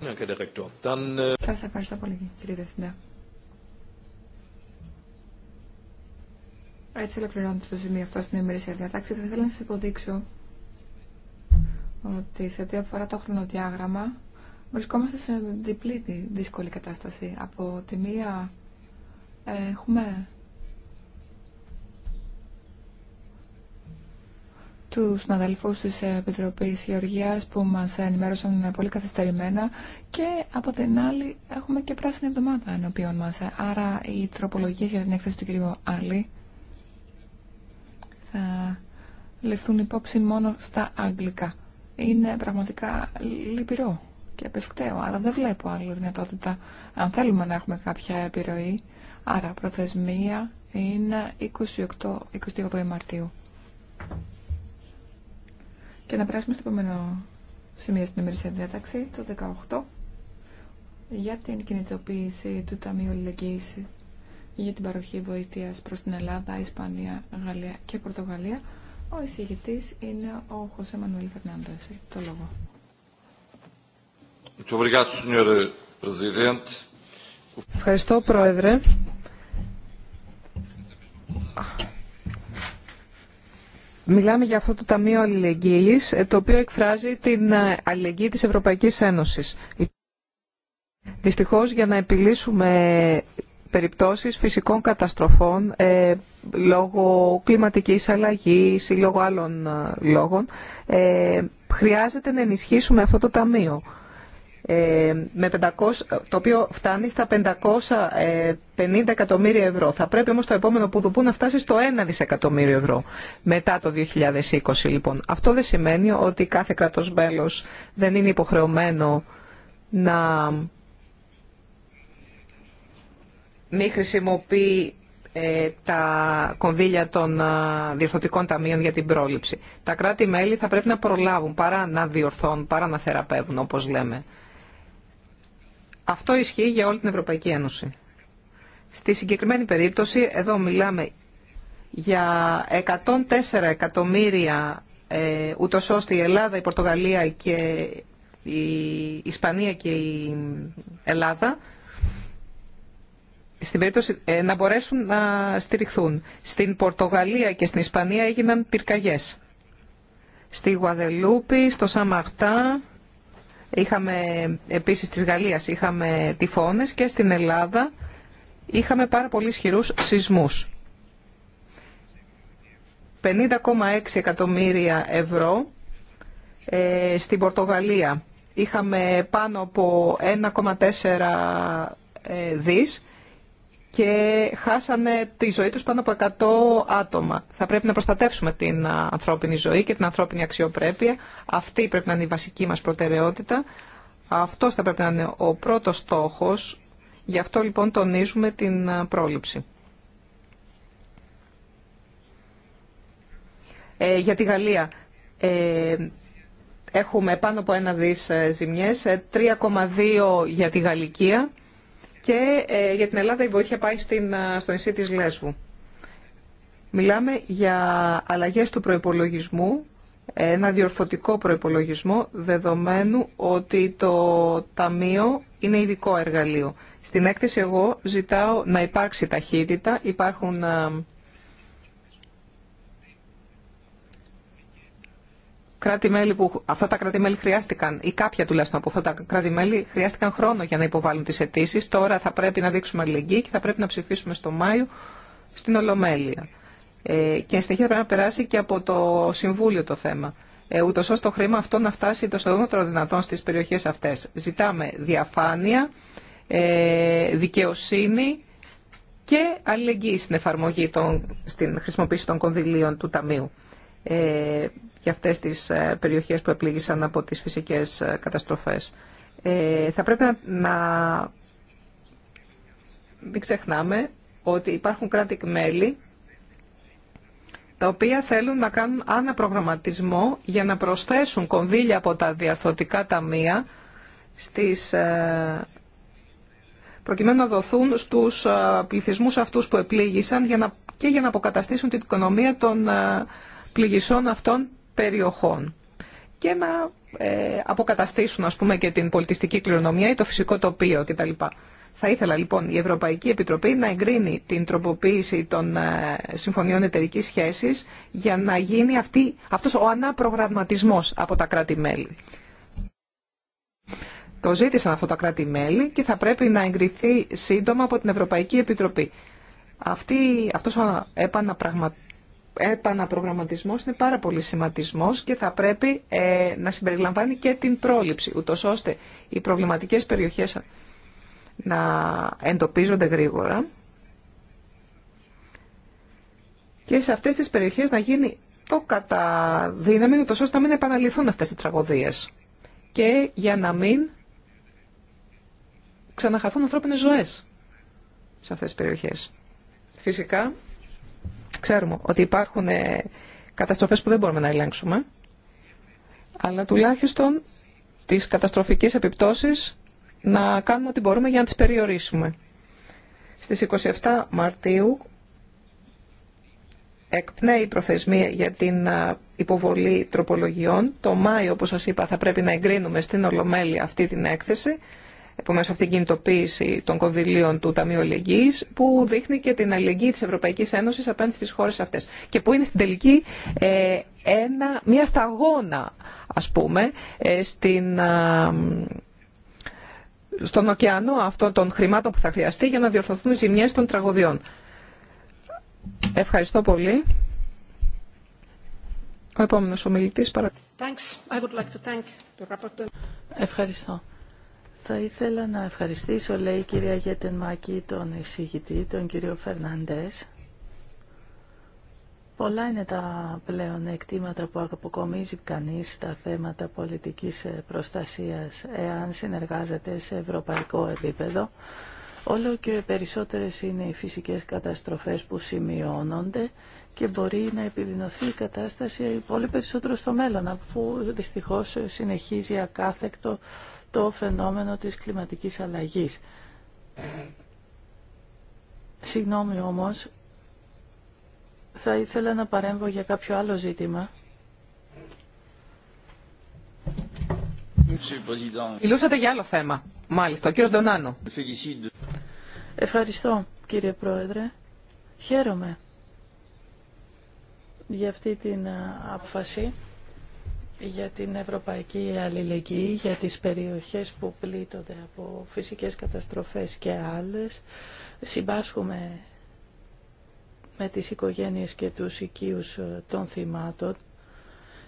Ναι, ε, σας ευχαριστώ πολύ κύριε Δευθυντά. Έτσι ολοκληρώνεται το σημείο αυτό στην ημερήσια διατάξη. Θα ήθελα να σα υποδείξω ότι σε ό,τι αφορά το χρονοδιάγραμμα βρισκόμαστε σε διπλή δύσκολη κατάσταση. Από τη μία ε, έχουμε Του συναδελφού τη Επιτροπή Γεωργία που μα ενημέρωσαν πολύ καθυστερημένα και από την άλλη έχουμε και πράσινη εβδομάδα ενώπιον μα. Άρα οι τροπολογίε για την έκθεση του κ. Άλλη θα ληφθούν υπόψη μόνο στα αγγλικά. Είναι πραγματικά λυπηρό και απευκταίο, αλλά δεν βλέπω άλλη δυνατότητα αν θέλουμε να έχουμε κάποια επιρροή. Άρα προθεσμία είναι 28, 28 Μαρτίου. Και να περάσουμε στο επόμενο σημείο στην ημερήσια διάταξη, το 18, για την κινητοποίηση του Ταμείου Αλληλεγγύης για την παροχή βοήθειας προς την Ελλάδα, Ισπανία, Γαλλία και Πορτογαλία. Ο εισηγητής είναι ο Χωσέ Μανουέλ Φερνάντος. Το λόγο. Ευχαριστώ, Πρόεδρε. Μιλάμε για αυτό το Ταμείο Αλληλεγγύης, ε, το οποίο εκφράζει την ε, αλληλεγγύη της Ευρωπαϊκής Ένωσης. Δυστυχώς, για να επιλύσουμε περιπτώσεις φυσικών καταστροφών ε, λόγω κλιματικής αλλαγής ή λόγω άλλων λόγων, χρειάζεται να ενισχύσουμε αυτό το Ταμείο. Ε, με 500, το οποίο φτάνει στα 550 ε, εκατομμύρια ευρώ. Θα πρέπει όμως το επόμενο που δουπού να φτάσει στο 1 δισεκατομμύριο ευρώ μετά το 2020 λοιπόν. Αυτό δεν σημαίνει ότι κάθε κρατός μέλος δεν είναι υποχρεωμένο να μην χρησιμοποιεί ε, τα κονδύλια των διορθωτικών ταμείων για την πρόληψη. Τα κράτη-μέλη θα πρέπει να προλάβουν παρά να διορθώνουν, παρά να θεραπεύουν όπως λέμε. Αυτό ισχύει για όλη την Ευρωπαϊκή Ένωση. Στη συγκεκριμένη περίπτωση, εδώ μιλάμε για 104 εκατομμύρια, ε, ούτως ώστε η Ελλάδα, η Πορτογαλία και η Ισπανία και η Ελλάδα στην περίπτωση ε, να μπορέσουν να στηριχθούν. Στην Πορτογαλία και στην Ισπανία έγιναν πυρκαγιές. Στη Γουαδελούπη, στο Σαμαχτά, Είχαμε επίσης της Γαλλίας είχαμε τυφώνες και στην Ελλάδα είχαμε πάρα πολύ ισχυρού σεισμούς. 50,6 εκατομμύρια ευρώ ε, στην Πορτογαλία. Είχαμε πάνω από 1,4 ε, δις και χάσανε τη ζωή τους πάνω από 100 άτομα. Θα πρέπει να προστατεύσουμε την ανθρώπινη ζωή και την ανθρώπινη αξιοπρέπεια. Αυτή πρέπει να είναι η βασική μας προτεραιότητα. Αυτός θα πρέπει να είναι ο πρώτος στόχος. Γι' αυτό λοιπόν τονίζουμε την πρόληψη. Ε, για τη Γαλλία ε, έχουμε πάνω από ένα δις ε, ζημιές, 3,2 για τη Γαλλικία και ε, για την Ελλάδα η βοήθεια πάει στην, ε, στο νησί της Λέσβου. Μιλάμε για αλλαγές του προϋπολογισμού, ένα διορθωτικό προϋπολογισμό, δεδομένου ότι το Ταμείο είναι ειδικό εργαλείο. Στην έκθεση εγώ ζητάω να υπάρξει ταχύτητα, υπάρχουν ε, κρατη που αυτά τα κράτη-μέλη χρειάστηκαν, ή κάποια τουλάχιστον από αυτά τα κρατη χρειάστηκαν χρόνο για να υποβάλουν τι αιτήσει. Τώρα θα πρέπει να δείξουμε αλληλεγγύη και θα πρέπει να ψηφίσουμε στο Μάιο στην Ολομέλεια. Ε, και συνεχεία πρέπει να περάσει και από το Συμβούλιο το θέμα. Ε, Ούτω ώστε το χρήμα αυτό να φτάσει το στενότερο δυνατόν στι περιοχέ αυτέ. Ζητάμε διαφάνεια, ε, δικαιοσύνη και αλληλεγγύη στην εφαρμογή των, στην χρησιμοποίηση των κονδυλίων του Ταμείου ε, για αυτές τις ε, περιοχές που επλήγησαν από τις φυσικές ε, καταστροφές. Ε, θα πρέπει να, μην ξεχνάμε ότι υπάρχουν κράτη-μέλη τα οποία θέλουν να κάνουν αναπρογραμματισμό για να προσθέσουν κονδύλια από τα διαρθωτικά ταμεία στις, προκειμένου να δοθούν στους πληθυσμούς αυτούς που επλήγησαν για να, και για να αποκαταστήσουν την οικονομία των πληγισών αυτών περιοχών και να ε, αποκαταστήσουν ας πούμε και την πολιτιστική κληρονομιά ή το φυσικό τοπίο κτλ. Θα ήθελα λοιπόν η Ευρωπαϊκή Επιτροπή να εγκρίνει την τροποποίηση των ε, συμφωνιών εταιρική σχέση για να γίνει αυτή, αυτός ο αναπρογραμματισμός από τα κράτη-μέλη. Το ζήτησαν αυτό τα κράτη-μέλη και θα πρέπει να εγκριθεί σύντομα από την Ευρωπαϊκή Επιτροπή. Αυτή, αυτός ο επαναπραγματισμός επαναπρογραμματισμό είναι πάρα πολύ σημαντισμό και θα πρέπει ε, να συμπεριλαμβάνει και την πρόληψη, ούτως ώστε οι προβληματικές περιοχές να εντοπίζονται γρήγορα και σε αυτές τις περιοχές να γίνει το δύναμη, ούτως ώστε να μην επαναληφθούν αυτές οι τραγωδίες και για να μην ξαναχαθούν ανθρώπινες ζωές σε αυτές τις περιοχές. Φυσικά, Ξέρουμε ότι υπάρχουν ε, καταστροφές που δεν μπορούμε να ελέγξουμε, αλλά τουλάχιστον τις καταστροφικές επιπτώσεις να κάνουμε ό,τι μπορούμε για να τις περιορίσουμε. Στις 27 Μαρτίου εκπνέει η προθεσμία για την υποβολή τροπολογιών. Το Μάιο, όπως σας είπα, θα πρέπει να εγκρίνουμε στην Ολομέλεια αυτή την έκθεση επομένως αυτή η κινητοποίηση των κονδυλίων του Ταμείου Αλληλεγγύης που δείχνει και την αλληλεγγύη της Ευρωπαϊκής Ένωσης απέναντι στις χώρες αυτές και που είναι στην τελική ε, ένα, μια σταγόνα ας πούμε ε, στην, στον ωκεανό αυτών των χρημάτων που θα χρειαστεί για να διορθωθούν οι ζημιές των τραγωδιών. Ευχαριστώ πολύ. Ο επόμενος ομιλητής Ευχαριστώ. Θα ήθελα να ευχαριστήσω, λέει η κυρία Γετενμάκη, τον εισηγητή, τον κύριο Φερναντές. Πολλά είναι τα πλέον εκτίματα που αποκομίζει κανείς στα θέματα πολιτικής προστασίας εάν συνεργάζεται σε ευρωπαϊκό επίπεδο. Όλο και περισσότερες είναι οι φυσικές καταστροφές που σημειώνονται και μπορεί να επιδεινωθεί η κατάσταση πολύ περισσότερο στο μέλλον, αφού δυστυχώς συνεχίζει ακάθεκτο το φαινόμενο της κλιματικής αλλαγής. Συγγνώμη όμως, θα ήθελα να παρέμβω για κάποιο άλλο ζήτημα. Μιλούσατε για άλλο θέμα, μάλιστα. Ο κύριος Ντονάνο. Ευχαριστώ, κύριε Πρόεδρε. Χαίρομαι για αυτή την ε, απόφαση για την ευρωπαϊκή αλληλεγγύη, για τις περιοχές που πλήττονται από φυσικές καταστροφές και άλλες. Συμπάσχουμε με τις οικογένειες και τους οικείους ε, των θυμάτων.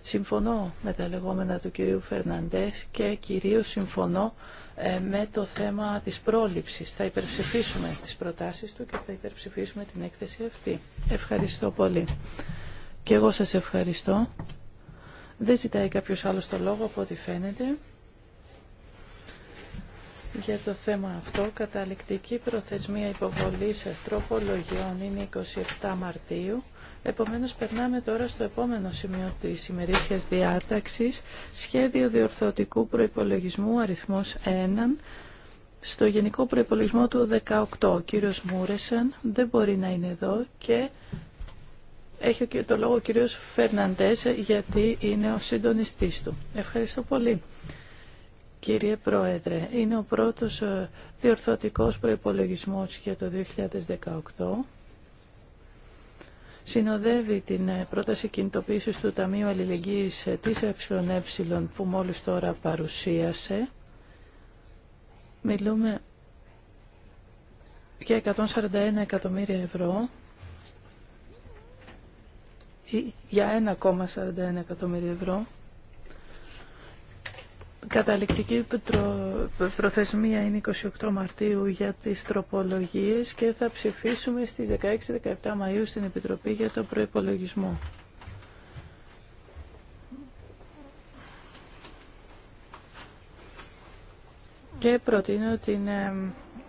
Συμφωνώ με τα λεγόμενα του κυρίου Φερναντές και κυρίως συμφωνώ ε, με το θέμα της πρόληψης. Θα υπερψηφίσουμε τις προτάσεις του και θα υπερψηφίσουμε την έκθεση αυτή. Ευχαριστώ πολύ. Και εγώ σας ευχαριστώ. Δεν ζητάει κάποιος άλλος το λόγο από ό,τι φαίνεται. Για το θέμα αυτό, καταληκτική προθεσμία υποβολής λογιών είναι 27 Μαρτίου. Επομένως, περνάμε τώρα στο επόμενο σημείο της ημερήσιας διάταξης, σχέδιο διορθωτικού προϋπολογισμού αριθμός 1, στο γενικό προϋπολογισμό του 18. Ο κύριος Μούρεσαν δεν μπορεί να είναι εδώ και έχει το λόγο ο κύριος Φερναντές γιατί είναι ο συντονιστής του. Ευχαριστώ πολύ. Κύριε Πρόεδρε, είναι ο πρώτος ε, διορθωτικός προϋπολογισμός για το 2018. Συνοδεύει την ε, πρόταση κινητοποίησης του Ταμείου Αλληλεγγύης ε, της ΕΕ που μόλις τώρα παρουσίασε. Μιλούμε για 141 εκατομμύρια ευρώ για 1,41 εκατομμύρια ευρώ. Καταληκτική προθεσμία είναι 28 Μαρτίου για τις τροπολογίες και θα ψηφίσουμε στις 16-17 Μαΐου στην Επιτροπή για τον προϋπολογισμό. Και προτείνω την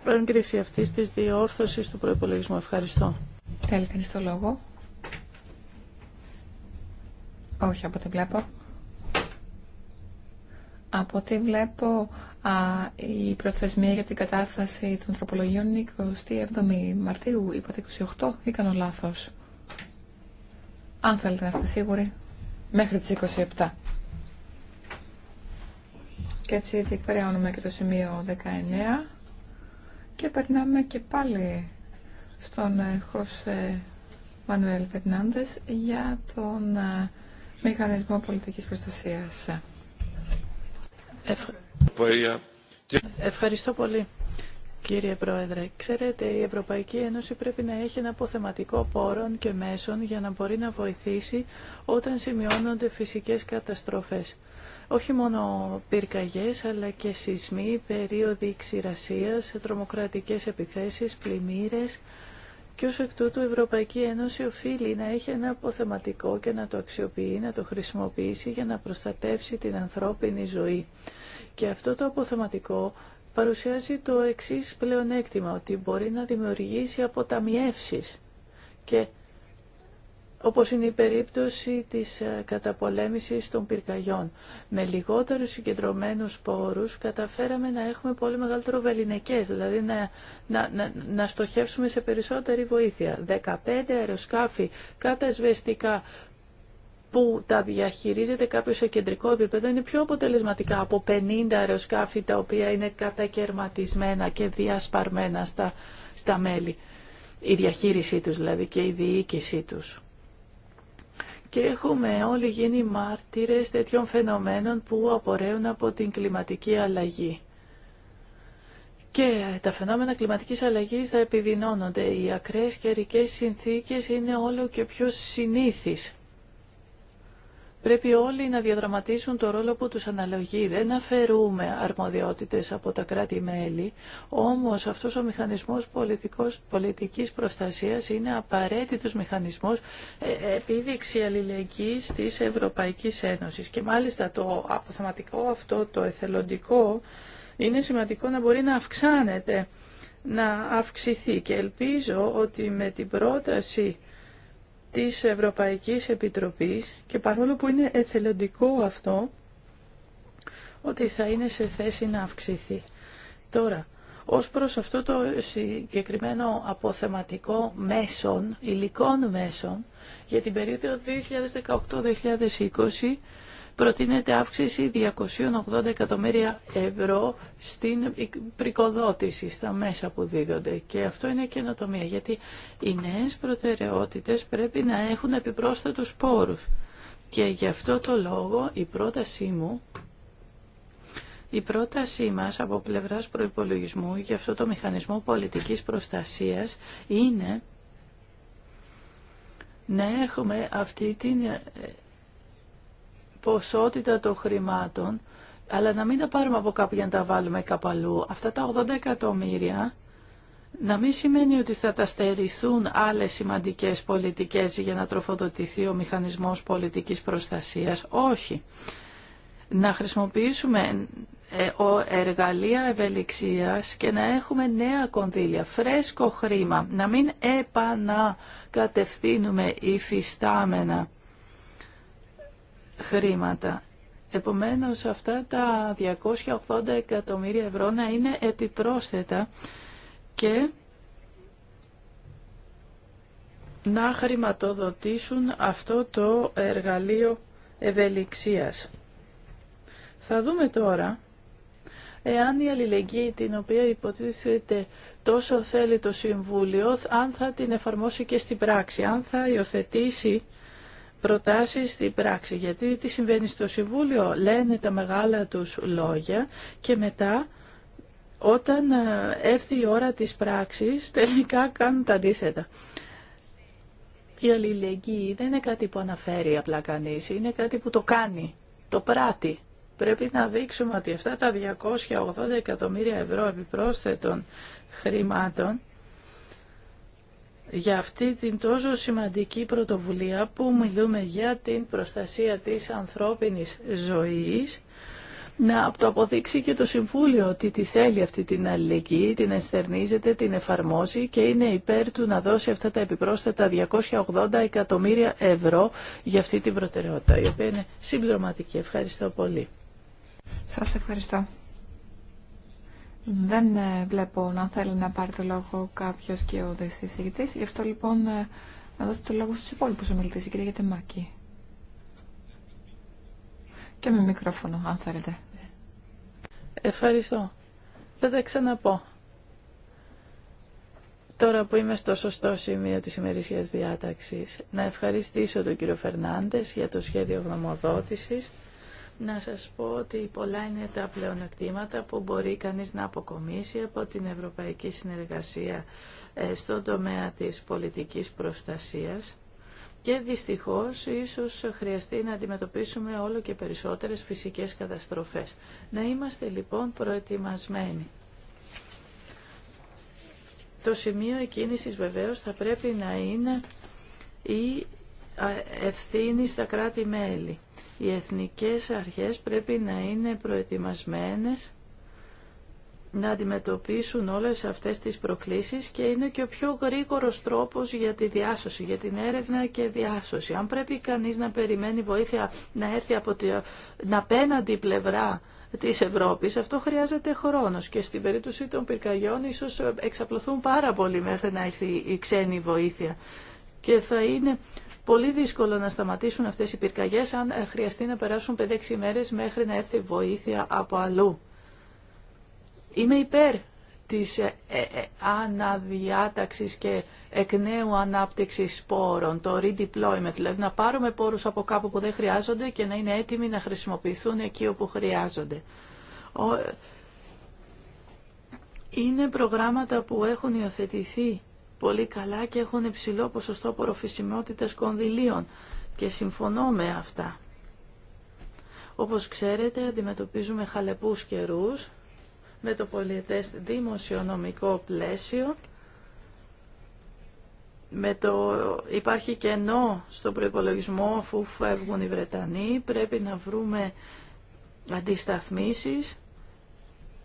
έγκριση αυτής της διόρθωσης του προϋπολογισμού. Ευχαριστώ. Θέλει το λόγο. Όχι, από ό,τι βλέπω. Από ό,τι βλέπω, η προθεσμία για την κατάθεση των τροπολογιών είναι 27 Μαρτίου, είπατε 28 ή κάνω λάθος. Αν θέλετε να είστε σίγουροι, μέχρι τις 27. Και έτσι διεκπαιρεώνουμε και το σημείο 19 και περνάμε και πάλι στον ε, Χωσέ Μανουέλ Φερνάντες για τον ε, Μηχανισμό πολιτικής προστασίας. Ευχαριστώ πολύ. Κύριε Πρόεδρε, ξέρετε η Ευρωπαϊκή Ένωση πρέπει να έχει ένα αποθεματικό πόρων και μέσων για να μπορεί να βοηθήσει όταν σημειώνονται φυσικές καταστροφές. Όχι μόνο πυρκαγιές αλλά και σεισμοί, περίοδοι ξηρασίας, τρομοκρατικές επιθέσεις, πλημμύρες, και ως εκ τούτου η Ευρωπαϊκή Ένωση οφείλει να έχει ένα αποθεματικό και να το αξιοποιεί, να το χρησιμοποιήσει για να προστατεύσει την ανθρώπινη ζωή. Και αυτό το αποθεματικό παρουσιάζει το εξής πλεονέκτημα, ότι μπορεί να δημιουργήσει αποταμιεύσεις και όπως είναι η περίπτωση της ε, καταπολέμησης των πυρκαγιών. Με λιγότερους συγκεντρωμένους πόρους καταφέραμε να έχουμε πολύ μεγαλύτερο βεληνικές, δηλαδή να, να, να, στοχεύσουμε σε περισσότερη βοήθεια. 15 αεροσκάφη κατασβεστικά που τα διαχειρίζεται κάποιο σε κεντρικό επίπεδο είναι πιο αποτελεσματικά από 50 αεροσκάφη τα οποία είναι κατακαιρματισμένα και διασπαρμένα στα, στα μέλη. Η διαχείρισή τους δηλαδή και η διοίκησή τους και έχουμε όλοι γίνει μάρτυρες τέτοιων φαινομένων που απορρέουν από την κλιματική αλλαγή. Και τα φαινόμενα κλιματικής αλλαγής θα επιδεινώνονται. Οι ακραίες καιρικέ συνθήκες είναι όλο και πιο συνήθεις. Πρέπει όλοι να διαδραματίσουν το ρόλο που τους αναλογεί. Δεν αφαιρούμε αρμοδιότητες από τα κράτη-μέλη, όμως αυτός ο μηχανισμός πολιτικός, πολιτικής προστασίας είναι απαραίτητος μηχανισμός ε, ε, επίδειξη αλληλεγγύης της Ευρωπαϊκής Ένωσης. Και μάλιστα το αποθεματικό αυτό, το εθελοντικό, είναι σημαντικό να μπορεί να αυξάνεται, να αυξηθεί. Και ελπίζω ότι με την πρόταση της Ευρωπαϊκής Επιτροπής και παρόλο που είναι εθελοντικό αυτό, ότι θα είναι σε θέση να αυξηθεί. Τώρα, ως προς αυτό το συγκεκριμένο αποθεματικό μέσων, υλικών μέσων, για την περίοδο 2018-2020, προτείνεται αύξηση 280 εκατομμύρια ευρώ στην πρικοδότηση, στα μέσα που δίδονται. Και αυτό είναι καινοτομία, γιατί οι νέες προτεραιότητες πρέπει να έχουν επιπρόσθετους πόρους. Και γι' αυτό το λόγο η πρότασή μου η πρότασή μας από πλευράς προϋπολογισμού για αυτό το μηχανισμό πολιτικής προστασίας είναι να έχουμε αυτή την ποσότητα των χρημάτων, αλλά να μην τα πάρουμε από κάπου για να τα βάλουμε κάπου αλλού. Αυτά τα 80 εκατομμύρια να μην σημαίνει ότι θα τα στερηθούν άλλες σημαντικές πολιτικές για να τροφοδοτηθεί ο μηχανισμός πολιτικής προστασίας. Όχι. Να χρησιμοποιήσουμε ε, εργαλεία ευελιξίας και να έχουμε νέα κονδύλια, φρέσκο χρήμα, να μην επανακατευθύνουμε υφιστάμενα χρήματα. Επομένως αυτά τα 280 εκατομμύρια ευρώ να είναι επιπρόσθετα και να χρηματοδοτήσουν αυτό το εργαλείο ευελιξίας. Θα δούμε τώρα εάν η αλληλεγγύη την οποία υποτίθεται τόσο θέλει το Συμβούλιο, αν θα την εφαρμόσει και στην πράξη, αν θα υιοθετήσει Προτάσει στην πράξη. Γιατί τι συμβαίνει στο Συμβούλιο, λένε τα μεγάλα τους λόγια και μετά όταν ε, έρθει η ώρα της πράξης τελικά κάνουν τα αντίθετα. Η αλληλεγγύη δεν είναι κάτι που αναφέρει απλά κανείς, είναι κάτι που το κάνει, το πράττει. Πρέπει να δείξουμε ότι αυτά τα 280 εκατομμύρια ευρώ επιπρόσθετων χρημάτων για αυτή την τόσο σημαντική πρωτοβουλία που μιλούμε για την προστασία της ανθρώπινης ζωής να το αποδείξει και το Συμβούλιο ότι τη θέλει αυτή την αλληλεγγύη, την εστερνίζεται, την εφαρμόζει και είναι υπέρ του να δώσει αυτά τα επιπρόσθετα 280 εκατομμύρια ευρώ για αυτή την προτεραιότητα, η οποία είναι συμπληρωματική. Ευχαριστώ πολύ. Σας ευχαριστώ. Δεν ε, βλέπω να θέλει να πάρει το λόγο κάποιο και ο Γι' αυτό λοιπόν ε, να δώσω το λόγο στου υπόλοιπου ομιλητέ, η κυρία Γετεμάκη. Και με μικρόφωνο, αν θέλετε. Ευχαριστώ. Θα τα ξαναπώ. Τώρα που είμαι στο σωστό σημείο της ημερησίας διάταξης, να ευχαριστήσω τον κύριο Φερνάντες για το σχέδιο γνωμοδότησης να σας πω ότι πολλά είναι τα πλεονεκτήματα που μπορεί κανείς να αποκομίσει από την ευρωπαϊκή συνεργασία ε, στον τομέα της πολιτικής προστασίας και δυστυχώς ίσως χρειαστεί να αντιμετωπίσουμε όλο και περισσότερες φυσικές καταστροφές. Να είμαστε λοιπόν προετοιμασμένοι. Το σημείο εκκίνησης βεβαίως θα πρέπει να είναι η ε, ευθύνη στα κράτη-μέλη οι εθνικές αρχές πρέπει να είναι προετοιμασμένες να αντιμετωπίσουν όλες αυτές τις προκλήσεις και είναι και ο πιο γρήγορος τρόπος για τη διάσωση, για την έρευνα και διάσωση. Αν πρέπει κανείς να περιμένει βοήθεια να έρθει από την απέναντι πλευρά της Ευρώπης, αυτό χρειάζεται χρόνος και στην περίπτωση των πυρκαγιών ίσως εξαπλωθούν πάρα πολύ μέχρι να έρθει η ξένη βοήθεια και θα είναι πολύ δύσκολο να σταματήσουν αυτές οι πυρκαγιέ αν ε, χρειαστεί να περάσουν 5-6 μέρες μέχρι να έρθει βοήθεια από αλλού. Είμαι υπέρ της ε, ε, ε, αναδιάταξης και εκ νέου ανάπτυξης σπόρων, το redeployment, δηλαδή να πάρουμε πόρους από κάπου που δεν χρειάζονται και να είναι έτοιμοι να χρησιμοποιηθούν εκεί όπου χρειάζονται. Είναι προγράμματα που έχουν υιοθετηθεί πολύ καλά και έχουν υψηλό ποσοστό απορροφησιμότητας κονδυλίων και συμφωνώ με αυτά. Όπως ξέρετε αντιμετωπίζουμε χαλεπούς καιρούς με το πολιετές δημοσιονομικό πλαίσιο με το υπάρχει κενό στον προϋπολογισμό αφού φεύγουν οι Βρετανοί πρέπει να βρούμε αντισταθμίσεις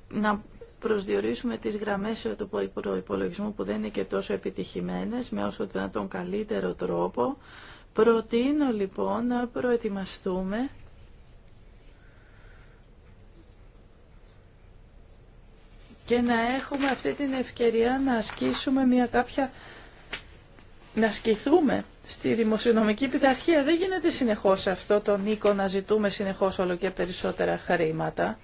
να προσδιορίσουμε τις γραμμές του προϋπολογισμού που δεν είναι και τόσο επιτυχημένες με όσο τον καλύτερο τρόπο. Προτείνω λοιπόν να προετοιμαστούμε και να έχουμε αυτή την ευκαιρία να ασκήσουμε μια κάποια να σκηθούμε στη δημοσιονομική πειθαρχία. Δεν γίνεται συνεχώς αυτό το Νίκο να ζητούμε συνεχώς όλο και περισσότερα χρήματα.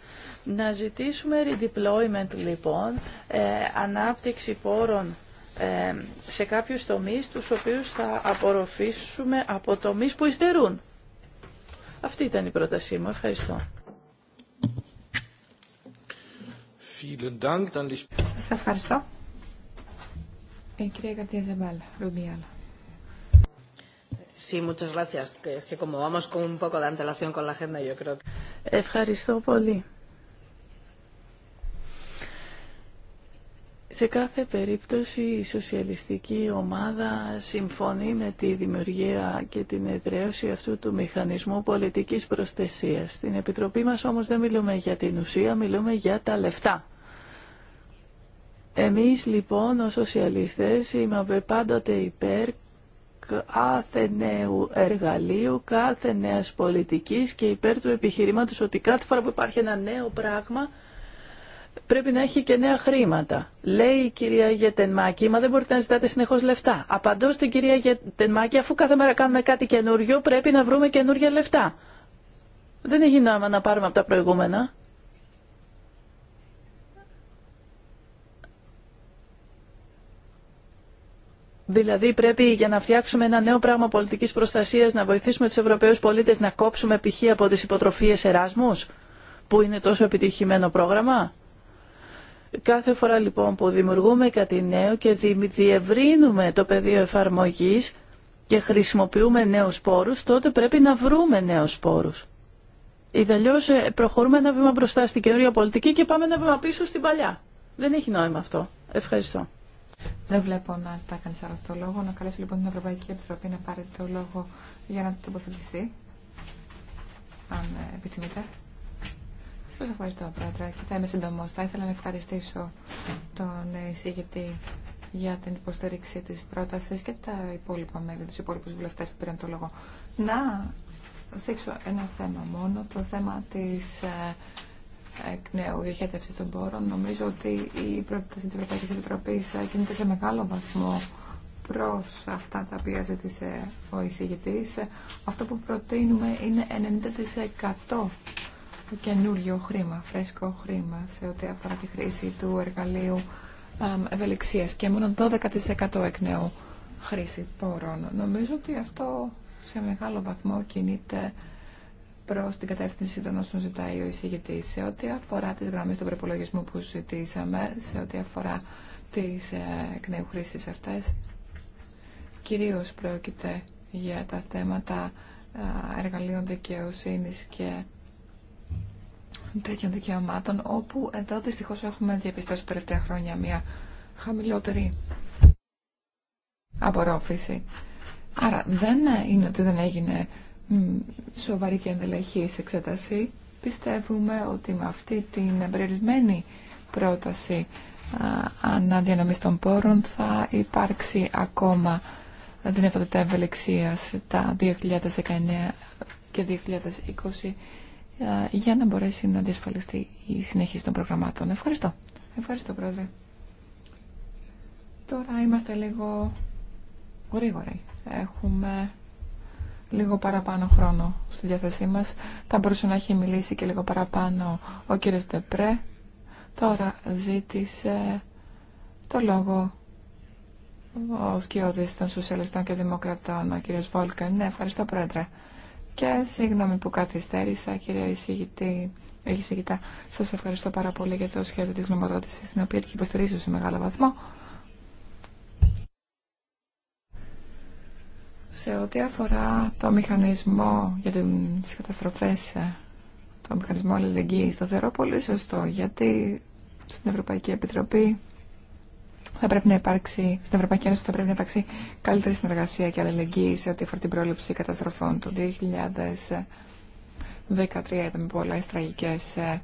Να ζητήσουμε redeployment λοιπόν, ε, ανάπτυξη πόρων ε, σε κάποιους τομείς τους οποίους θα απορροφήσουμε από τομείς που υστερούν. Αυτή ήταν η πρότασή μου. Ευχαριστώ. Σας ευχαριστώ. Ευχαριστώ πολύ. Σε κάθε περίπτωση η σοσιαλιστική ομάδα συμφωνεί με τη δημιουργία και την εδραίωση αυτού του μηχανισμού πολιτικής προστασίας. Στην Επιτροπή μας όμως δεν μιλούμε για την ουσία, μιλούμε για τα λεφτά. Εμείς λοιπόν ως σοσιαλιστές είμαστε πάντοτε υπέρ κάθε νέου εργαλείου, κάθε νέας πολιτικής και υπέρ του επιχειρήματος ότι κάθε φορά που υπάρχει ένα νέο πράγμα πρέπει να έχει και νέα χρήματα. Λέει η κυρία Γετενμάκη, μα δεν μπορείτε να ζητάτε συνεχώ λεφτά. Απαντώ στην κυρία Γετενμάκη, αφού κάθε μέρα κάνουμε κάτι καινούριο, πρέπει να βρούμε καινούργια λεφτά. Δεν έχει νόημα να πάρουμε από τα προηγούμενα. Δηλαδή πρέπει για να φτιάξουμε ένα νέο πράγμα πολιτικής προστασίας να βοηθήσουμε τους Ευρωπαίους πολίτες να κόψουμε π.χ. από τις υποτροφίες Εράσμους που είναι τόσο επιτυχημένο πρόγραμμα. Κάθε φορά λοιπόν που δημιουργούμε κάτι νέο και διευρύνουμε το πεδίο εφαρμογής και χρησιμοποιούμε νέους πόρου, τότε πρέπει να βρούμε νέους πόρου. ιδαλλιώ ε, προχωρούμε ένα βήμα μπροστά στην καινούργια πολιτική και πάμε ένα βήμα πίσω στην παλιά. Δεν έχει νόημα αυτό. Ευχαριστώ. Δεν βλέπω να ζητά κανεί άλλο το λόγο. Να καλέσω λοιπόν την Ευρωπαϊκή Επιτροπή να πάρει το λόγο για να τοποθετηθεί. Αν ε, επιθυμείτε. Σα ευχαριστώ, Πρόεδρε, και θα είμαι σύντομο. Θα ήθελα να ευχαριστήσω τον εισηγητή για την υποστήριξη τη πρόταση και τα υπόλοιπα μέλη, του υπόλοιπου βουλευτέ που πήραν το λόγο. Να θίξω ένα θέμα μόνο, το θέμα τη ε, εκ νέου των πόρων. Νομίζω ότι η πρόταση τη Ευρωπαϊκή Επιτροπή ε, κινείται σε μεγάλο βαθμό προς αυτά τα οποία ζήτησε ο εισηγητή. Αυτό που προτείνουμε είναι 90% καινούριο χρήμα, φρέσκο χρήμα σε ό,τι αφορά τη χρήση του εργαλείου ευελιξίας και μόνο 12% εκ νέου χρήση πόρων. Νομίζω ότι αυτό σε μεγάλο βαθμό κινείται προ την κατεύθυνση των όσων ζητάει ο εισηγητή. Σε ό,τι αφορά τι γραμμέ του προπολογισμού που ζητήσαμε, σε ό,τι αφορά τι ε, εκ νέου χρήσει αυτέ, κυρίω πρόκειται για τα θέματα ε, εργαλείων δικαιοσύνη και τέτοιων δικαιωμάτων, όπου εδώ δυστυχώ έχουμε διαπιστώσει τα τελευταία χρόνια μια χαμηλότερη απορρόφηση. Άρα δεν είναι ότι δεν έγινε σοβαρή και ενδελεχής εξέταση. Πιστεύουμε ότι με αυτή την περιορισμένη πρόταση αναδιανομής των πόρων θα υπάρξει ακόμα δυνατότητα ευελιξίας τα 2019 και 2020 για να μπορέσει να διασφαλιστεί η συνέχιση των προγραμμάτων. Ευχαριστώ. Ευχαριστώ, Πρόεδρε. Τώρα είμαστε λίγο γρήγοροι. Έχουμε λίγο παραπάνω χρόνο στη διάθεσή μας. Θα μπορούσε να έχει μιλήσει και λίγο παραπάνω ο κύριος τεπρέ. Τώρα ζήτησε το λόγο ο σκιώδης των Σοσιαλιστών και Δημοκρατών, ο κύριος Βόλκαν. Ναι, ευχαριστώ πρόεδρε. Και συγγνώμη που καθυστέρησα, κύριε εισηγητή. Έχει Σας ευχαριστώ πάρα πολύ για το σχέδιο της γνωμοδότησης, την οποία έχει υποστηρίσει σε μεγάλο βαθμό. Σε ό,τι αφορά το μηχανισμό για τις καταστροφές, ε, το μηχανισμό αλληλεγγύης, το θεωρώ πολύ σωστό, γιατί στην Ευρωπαϊκή Επιτροπή θα πρέπει να υπάρξει, στην Ευρωπαϊκή Ένωση θα πρέπει να υπάρξει καλύτερη συνεργασία και αλληλεγγύη σε ό,τι αφορά την πρόληψη καταστροφών. Το 2013 ήταν πολλά τραγικές ε,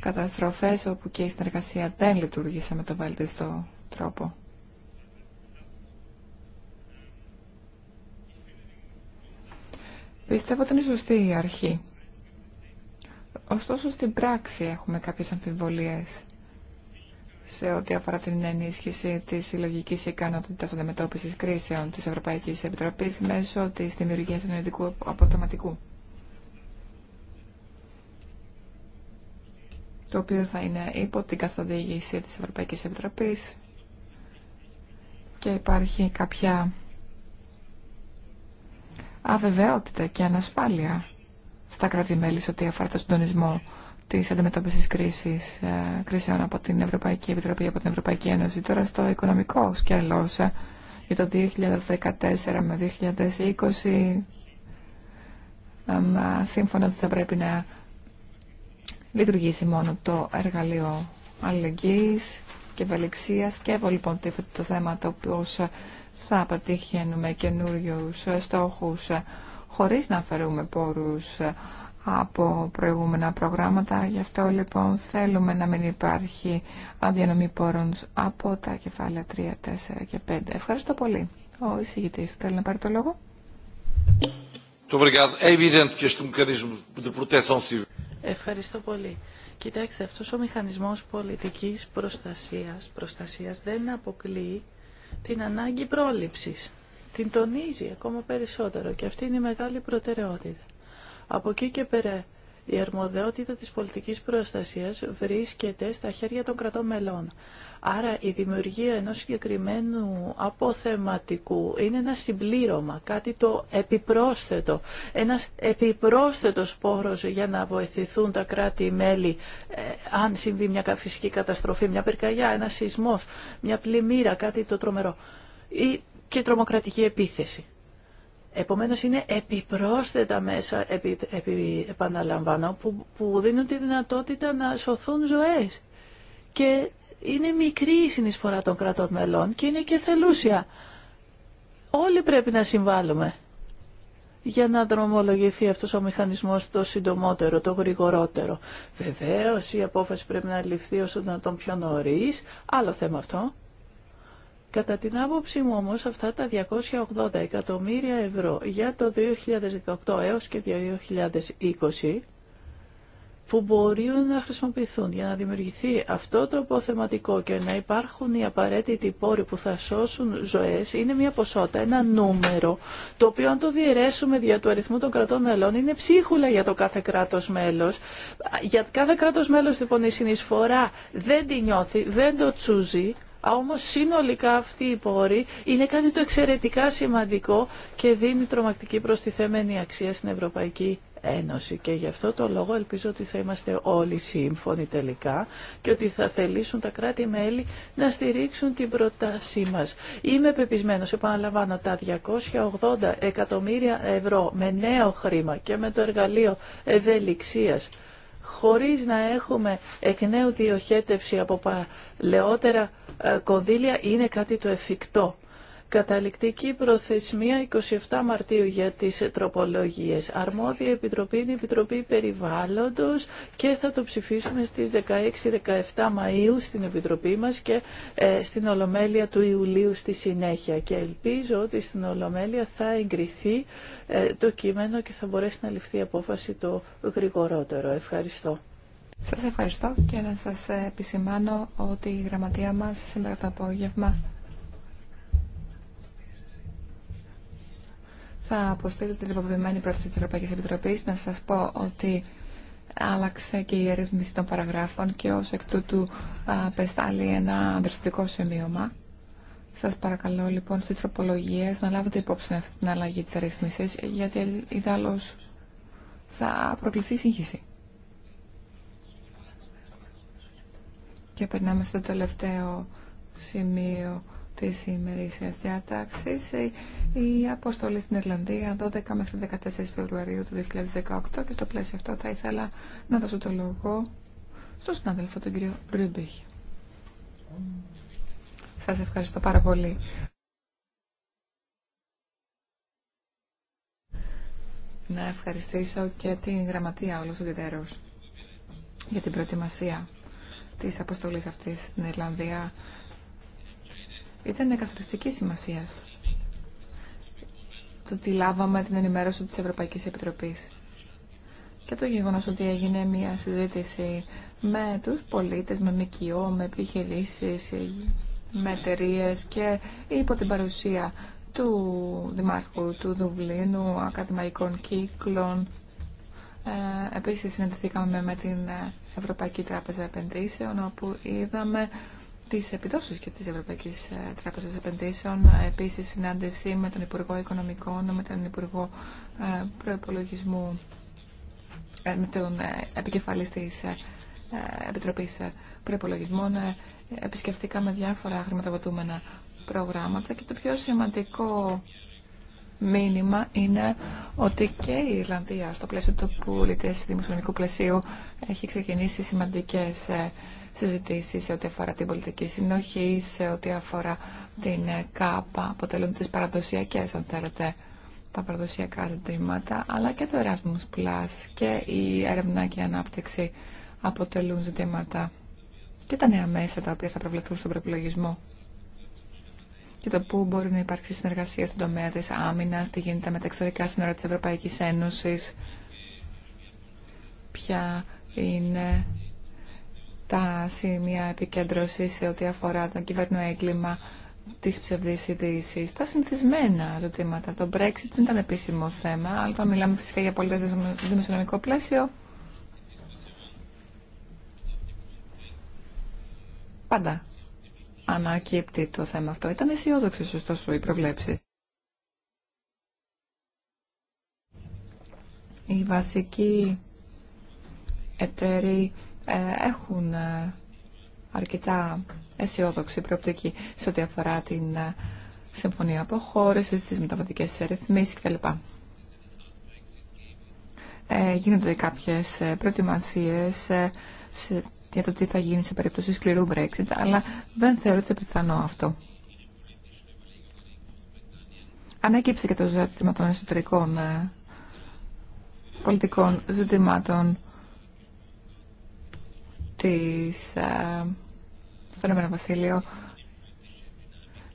καταστροφές όπου και η συνεργασία δεν λειτουργήσε με το βαλτιστό τρόπο. Πιστεύω ότι είναι σωστή η αρχή. Ωστόσο στην πράξη έχουμε κάποιες αμφιβολίες σε ό,τι αφορά την ενίσχυση της συλλογική ικανότητας αντιμετώπισης κρίσεων της Ευρωπαϊκής Επιτροπής μέσω της δημιουργίας του ειδικού το οποίο θα είναι υπό την καθοδήγηση της Ευρωπαϊκής Επιτροπής και υπάρχει κάποια αβεβαιότητα και ανασφάλεια στα κράτη-μέλη σε ό,τι αφορά το συντονισμό τη αντιμετώπιση κρίση, ε, κρίσεων από την Ευρωπαϊκή Επιτροπή, από την Ευρωπαϊκή Ένωση. Τώρα στο οικονομικό σκέλο ε, για το 2014 με 2020. Σύμφωνα ότι θα πρέπει να λειτουργήσει μόνο το εργαλείο αλληλεγγύης και ευελιξίας και λοιπόν το θέμα το οποίο θα πετυχαίνουμε καινούριου στόχους χωρίς να φέρουμε πόρους από προηγούμενα προγράμματα. Γι' αυτό λοιπόν θέλουμε να μην υπάρχει αδιανομή πόρων από τα κεφάλαια 3, 4 και 5. Ευχαριστώ πολύ. Ο εισηγητής θέλει να πάρει το λόγο. Ευχαριστώ πολύ. Κοιτάξτε, αυτός ο μηχανισμός πολιτικής προστασίας, προστασίας δεν αποκλείει την ανάγκη πρόληψης. Την τονίζει ακόμα περισσότερο και αυτή είναι η μεγάλη προτεραιότητα. Από εκεί και πέρα η αρμοδιότητα της πολιτικής προστασίας βρίσκεται στα χέρια των κρατών μελών. Άρα η δημιουργία ενός συγκεκριμένου αποθεματικού είναι ένα συμπλήρωμα, κάτι το επιπρόσθετο, ένας επιπρόσθετος πόρος για να βοηθηθούν τα κράτη-μέλη ε, αν συμβεί μια φυσική καταστροφή, μια περκαγιά, ένα σεισμός, μια πλημμύρα, κάτι το τρομερό ή και τρομοκρατική επίθεση. Επομένως είναι επιπρόσθετα μέσα, επι, επαναλαμβάνω, που, δίνουν τη δυνατότητα να σωθούν ζωές. Και είναι μικρή η συνεισφορά των κρατών μελών και είναι και θελούσια. Όλοι πρέπει να συμβάλλουμε για να δρομολογηθεί αυτός ο μηχανισμός το συντομότερο, το γρηγορότερο. Βεβαίως η απόφαση πρέπει να ληφθεί όσο να τον πιο νωρίς, άλλο θέμα αυτό. Κατά την άποψή μου όμως αυτά τα 280 εκατομμύρια ευρώ για το 2018 έως και το 2020 που μπορούν να χρησιμοποιηθούν για να δημιουργηθεί αυτό το αποθεματικό και να υπάρχουν οι απαραίτητοι πόροι που θα σώσουν ζωές είναι μια ποσότητα, ένα νούμερο το οποίο αν το διαιρέσουμε δια του αριθμού των κρατών μελών είναι ψίχουλα για το κάθε κράτος μέλος για κάθε κράτος μέλος λοιπόν η συνεισφορά δεν τη νιώθει, δεν το τσούζει όμως συνολικά αυτή η πόρη είναι κάτι το εξαιρετικά σημαντικό και δίνει τρομακτική προστιθέμενη αξία στην Ευρωπαϊκή Ένωση. Και γι' αυτό το λόγο ελπίζω ότι θα είμαστε όλοι σύμφωνοι τελικά και ότι θα θελήσουν τα κράτη-μέλη να στηρίξουν την προτάσή μας. Είμαι πεπισμένος, επαναλαμβάνω, τα 280 εκατομμύρια ευρώ με νέο χρήμα και με το εργαλείο ευελιξίας χωρίς να έχουμε εκ νέου διοχέτευση από παλαιότερα ε, κονδύλια είναι κάτι το εφικτό. Καταληκτική προθεσμία 27 Μαρτίου για τις τροπολογίες. Αρμόδια Επιτροπή είναι η Επιτροπή Περιβάλλοντος και θα το ψηφίσουμε στις 16-17 Μαΐου στην Επιτροπή μας και ε, στην Ολομέλεια του Ιουλίου στη συνέχεια. Και ελπίζω ότι στην Ολομέλεια θα εγκριθεί ε, το κείμενο και θα μπορέσει να ληφθεί η απόφαση το γρηγορότερο. Ευχαριστώ. Σας ευχαριστώ και να σας ε, επισημάνω ότι η γραμματεία μας σήμερα το απόγευμα θα αποστείλω την υποποιημένη πρόταση της Ευρωπαϊκής Επιτροπής να σας πω ότι άλλαξε και η αριθμίση των παραγράφων και ως εκ τούτου πεστάλλει ένα αντραστικό σημείωμα. Σας παρακαλώ λοιπόν στις τροπολογίες να λάβετε υπόψη αυτή την αλλαγή της αριθμίσης γιατί ιδάλλως θα προκληθεί σύγχυση. Και περνάμε στο τελευταίο σημείο τη ημερήσια διατάξη. Η αποστολή στην Ιρλανδία 12 μέχρι 14 Φεβρουαρίου του 2018 και στο πλαίσιο αυτό θα ήθελα να δώσω το λόγο στον συνάδελφο τον κύριο Ρούμπιχ. Σας ευχαριστώ πάρα πολύ. Να ευχαριστήσω και την γραμματεία όλους ιδιαίτερους για την προετοιμασία της αποστολής αυτής στην Ιρλανδία ήταν καθοριστική σημασία. Το ότι λάβαμε την ενημέρωση της Ευρωπαϊκής Επιτροπής και το γεγονός ότι έγινε μια συζήτηση με τους πολίτες, με ΜΚΟ, με επιχειρήσει, με εταιρείε και υπό την παρουσία του Δημάρχου του Δουβλίνου, ακαδημαϊκών κύκλων. Ε, επίσης συναντηθήκαμε με την Ευρωπαϊκή Τράπεζα Επενδύσεων όπου είδαμε τι επιδόσει και τη Ευρωπαϊκή ε, Τράπεζα Επενδύσεων. Επίσης, συνάντηση με τον Υπουργό Οικονομικών, με τον Υπουργό ε, Προπολογισμού, ε, με τον επικεφαλής της Επιτροπή Προπολογισμών. Επισκεφτήκαμε διάφορα χρηματοδοτούμενα προγράμματα και το πιο σημαντικό μήνυμα είναι ότι και η Ιρλανδία στο πλαίσιο του πολιτές δημοσιονομικού πλαισίου έχει ξεκινήσει σημαντικές συζητήσει σε ό,τι αφορά την πολιτική συνοχή, σε ό,τι αφορά την ΚΑΠΑ, αποτελούν τι παραδοσιακέ αν θέλετε, τα παραδοσιακά ζητήματα, αλλά και το Erasmus Plus και η έρευνα και η ανάπτυξη αποτελούν ζητήματα και τα νέα μέσα τα οποία θα προβλεφθούν στον προπολογισμό και το πού μπορεί να υπάρξει συνεργασία στον τομέα της άμυνας, τι γίνεται με τα εξωτερικά σύνορα της Ευρωπαϊκής Ένωσης, ποια είναι τα σημεία επικέντρωση σε ό,τι αφορά το κυβέρνο έγκλημα τη ψευδή ειδήσει, τα συνηθισμένα ζητήματα. Το Brexit δεν ήταν επίσημο θέμα, αλλά όταν μιλάμε φυσικά για πολύ δημοσιονομικό πλαίσιο, πάντα ανακύπτει το θέμα αυτό. Ήταν αισιόδοξε ωστόσο οι προβλέψει. Η βασική εταίροι ε, έχουν ε, αρκετά αισιόδοξη προοπτική σε ό,τι αφορά την ε, συμφωνία αποχώρηση, τι μεταβατικέ ρυθμίσει κτλ. γίνονται κάποιες προετοιμασίες για το τι θα γίνει σε περίπτωση σκληρού Brexit, αλλά δεν θεωρείται πιθανό αυτό. Ανέκυψε και το ζήτημα των εσωτερικών πολιτικών ζητημάτων της, στον Βασίλειο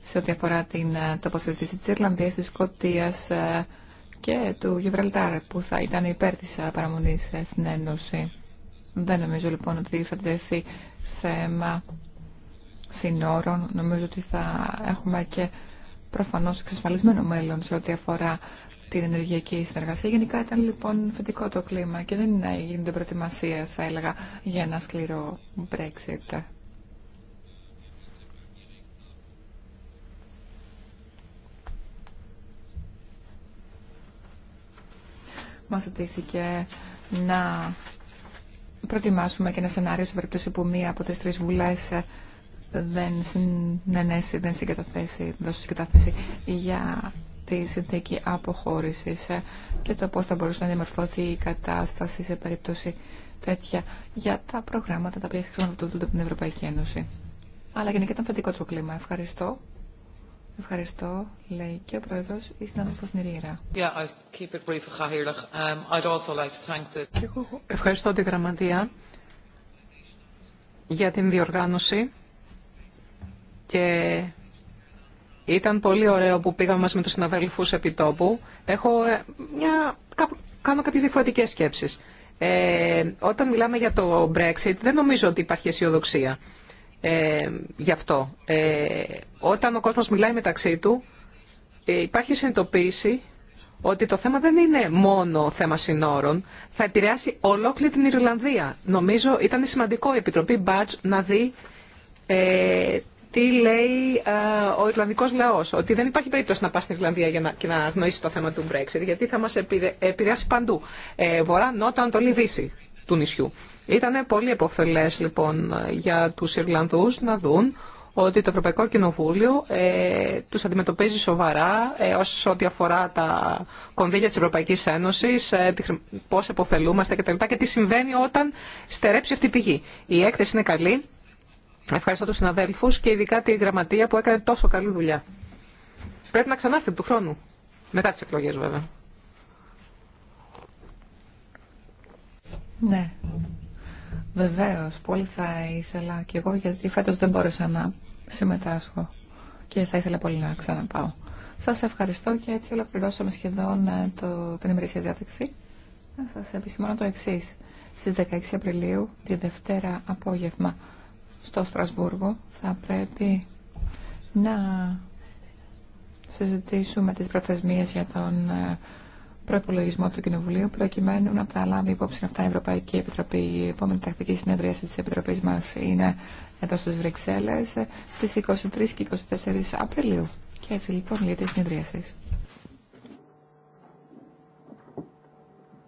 σε ό,τι αφορά την τοποθετήση της Ιρλανδίας, της Σκοτίας και του Γεβραλτάρ που θα ήταν υπέρ της παραμονής στην Ένωση. Δεν νομίζω λοιπόν ότι θα τεθεί θέμα συνόρων. Νομίζω ότι θα έχουμε και Προφανώ εξασφαλισμένο μέλλον σε ό,τι αφορά την ενεργειακή συνεργασία. Γενικά ήταν λοιπόν θετικό το κλίμα και δεν γίνεται προετοιμασίε, θα έλεγα, για ένα σκληρό Brexit. Μα ζητήθηκε να προετοιμάσουμε και ένα σενάριο σε περίπτωση που μία από τις τρεις βουλές δεν συνενέσει, δεν συγκαταθέσει, δώσει συγκατάθεση για τη συνθήκη αποχώρηση και το πώ θα μπορούσε να διαμορφωθεί η κατάσταση σε περίπτωση τέτοια για τα προγράμματα τα οποία χρηματοδοτούνται από την Ευρωπαϊκή Ένωση. Αλλά γενικά ήταν θετικό το κλίμα. Ευχαριστώ. Ευχαριστώ, λέει και ο πρόεδρο, η συνάδελφο Νιρήρα. Um, ευχαριστώ τη Γραμματεία για την διοργάνωση και ήταν πολύ ωραίο που πήγαμε μαζί με τους συναδέλφους επί Έχω ε, μια, κάνω κάποιες διαφορετικές σκέψεις. Ε, όταν μιλάμε για το Brexit δεν νομίζω ότι υπάρχει αισιοδοξία ε, γι' αυτό. Ε, όταν ο κόσμος μιλάει μεταξύ του ε, υπάρχει συνειδητοποίηση ότι το θέμα δεν είναι μόνο θέμα συνόρων, θα επηρεάσει ολόκληρη την Ιρλανδία. Νομίζω ήταν σημαντικό η Επιτροπή Μπάτζ να δει τι λέει ε, ο Ιρλανδικό Λαό, ότι δεν υπάρχει περίπτωση να πά στην Ιρλανδία για να, και να γνωρίσει το θέμα του Brexit, γιατί θα μας επηρεάσει παντού, ε, βορρά, νότο, ανατολή, δύση του νησιού. Ήταν πολύ επωφελές λοιπόν για του Ιρλανδού να δουν ότι το Ευρωπαϊκό Κοινοβούλιο ε, τους αντιμετωπίζει σοβαρά ε, όσο ό,τι αφορά τα κονδύλια της Ευρωπαϊκής Ένωσης, ε, πώς επωφελούμαστε κτλ. Και τι συμβαίνει όταν στερέψει αυτή η πηγή. Η έκθεση είναι καλή, Ευχαριστώ τους συναδέλφου και ειδικά τη γραμματεία που έκανε τόσο καλή δουλειά. Πρέπει να ξανάρθει του χρόνου. Μετά τις εκλογές βέβαια. Ναι. Βεβαίω, πολύ θα ήθελα κι εγώ, γιατί φέτο δεν μπόρεσα να συμμετάσχω και θα ήθελα πολύ να ξαναπάω. Σας ευχαριστώ και έτσι ολοκληρώσαμε σχεδόν ε, το, την ημερήσια διάταξη. Να σα επισημάνω το εξή στι 16 Απριλίου, τη Δευτέρα απόγευμα, στο Στρασβούργο θα πρέπει να συζητήσουμε τις προθεσμίες για τον ε, προπολογισμό του Κοινοβουλίου προκειμένου να τα λάβει υπόψη αυτά η Ευρωπαϊκή Επιτροπή. Η επόμενη τακτική συνεδρίαση της Επιτροπής μας είναι εδώ στις Βρυξέλλες ε, στις 23 και 24 Απριλίου. Και έτσι λοιπόν λέει τη συνεδρίαση.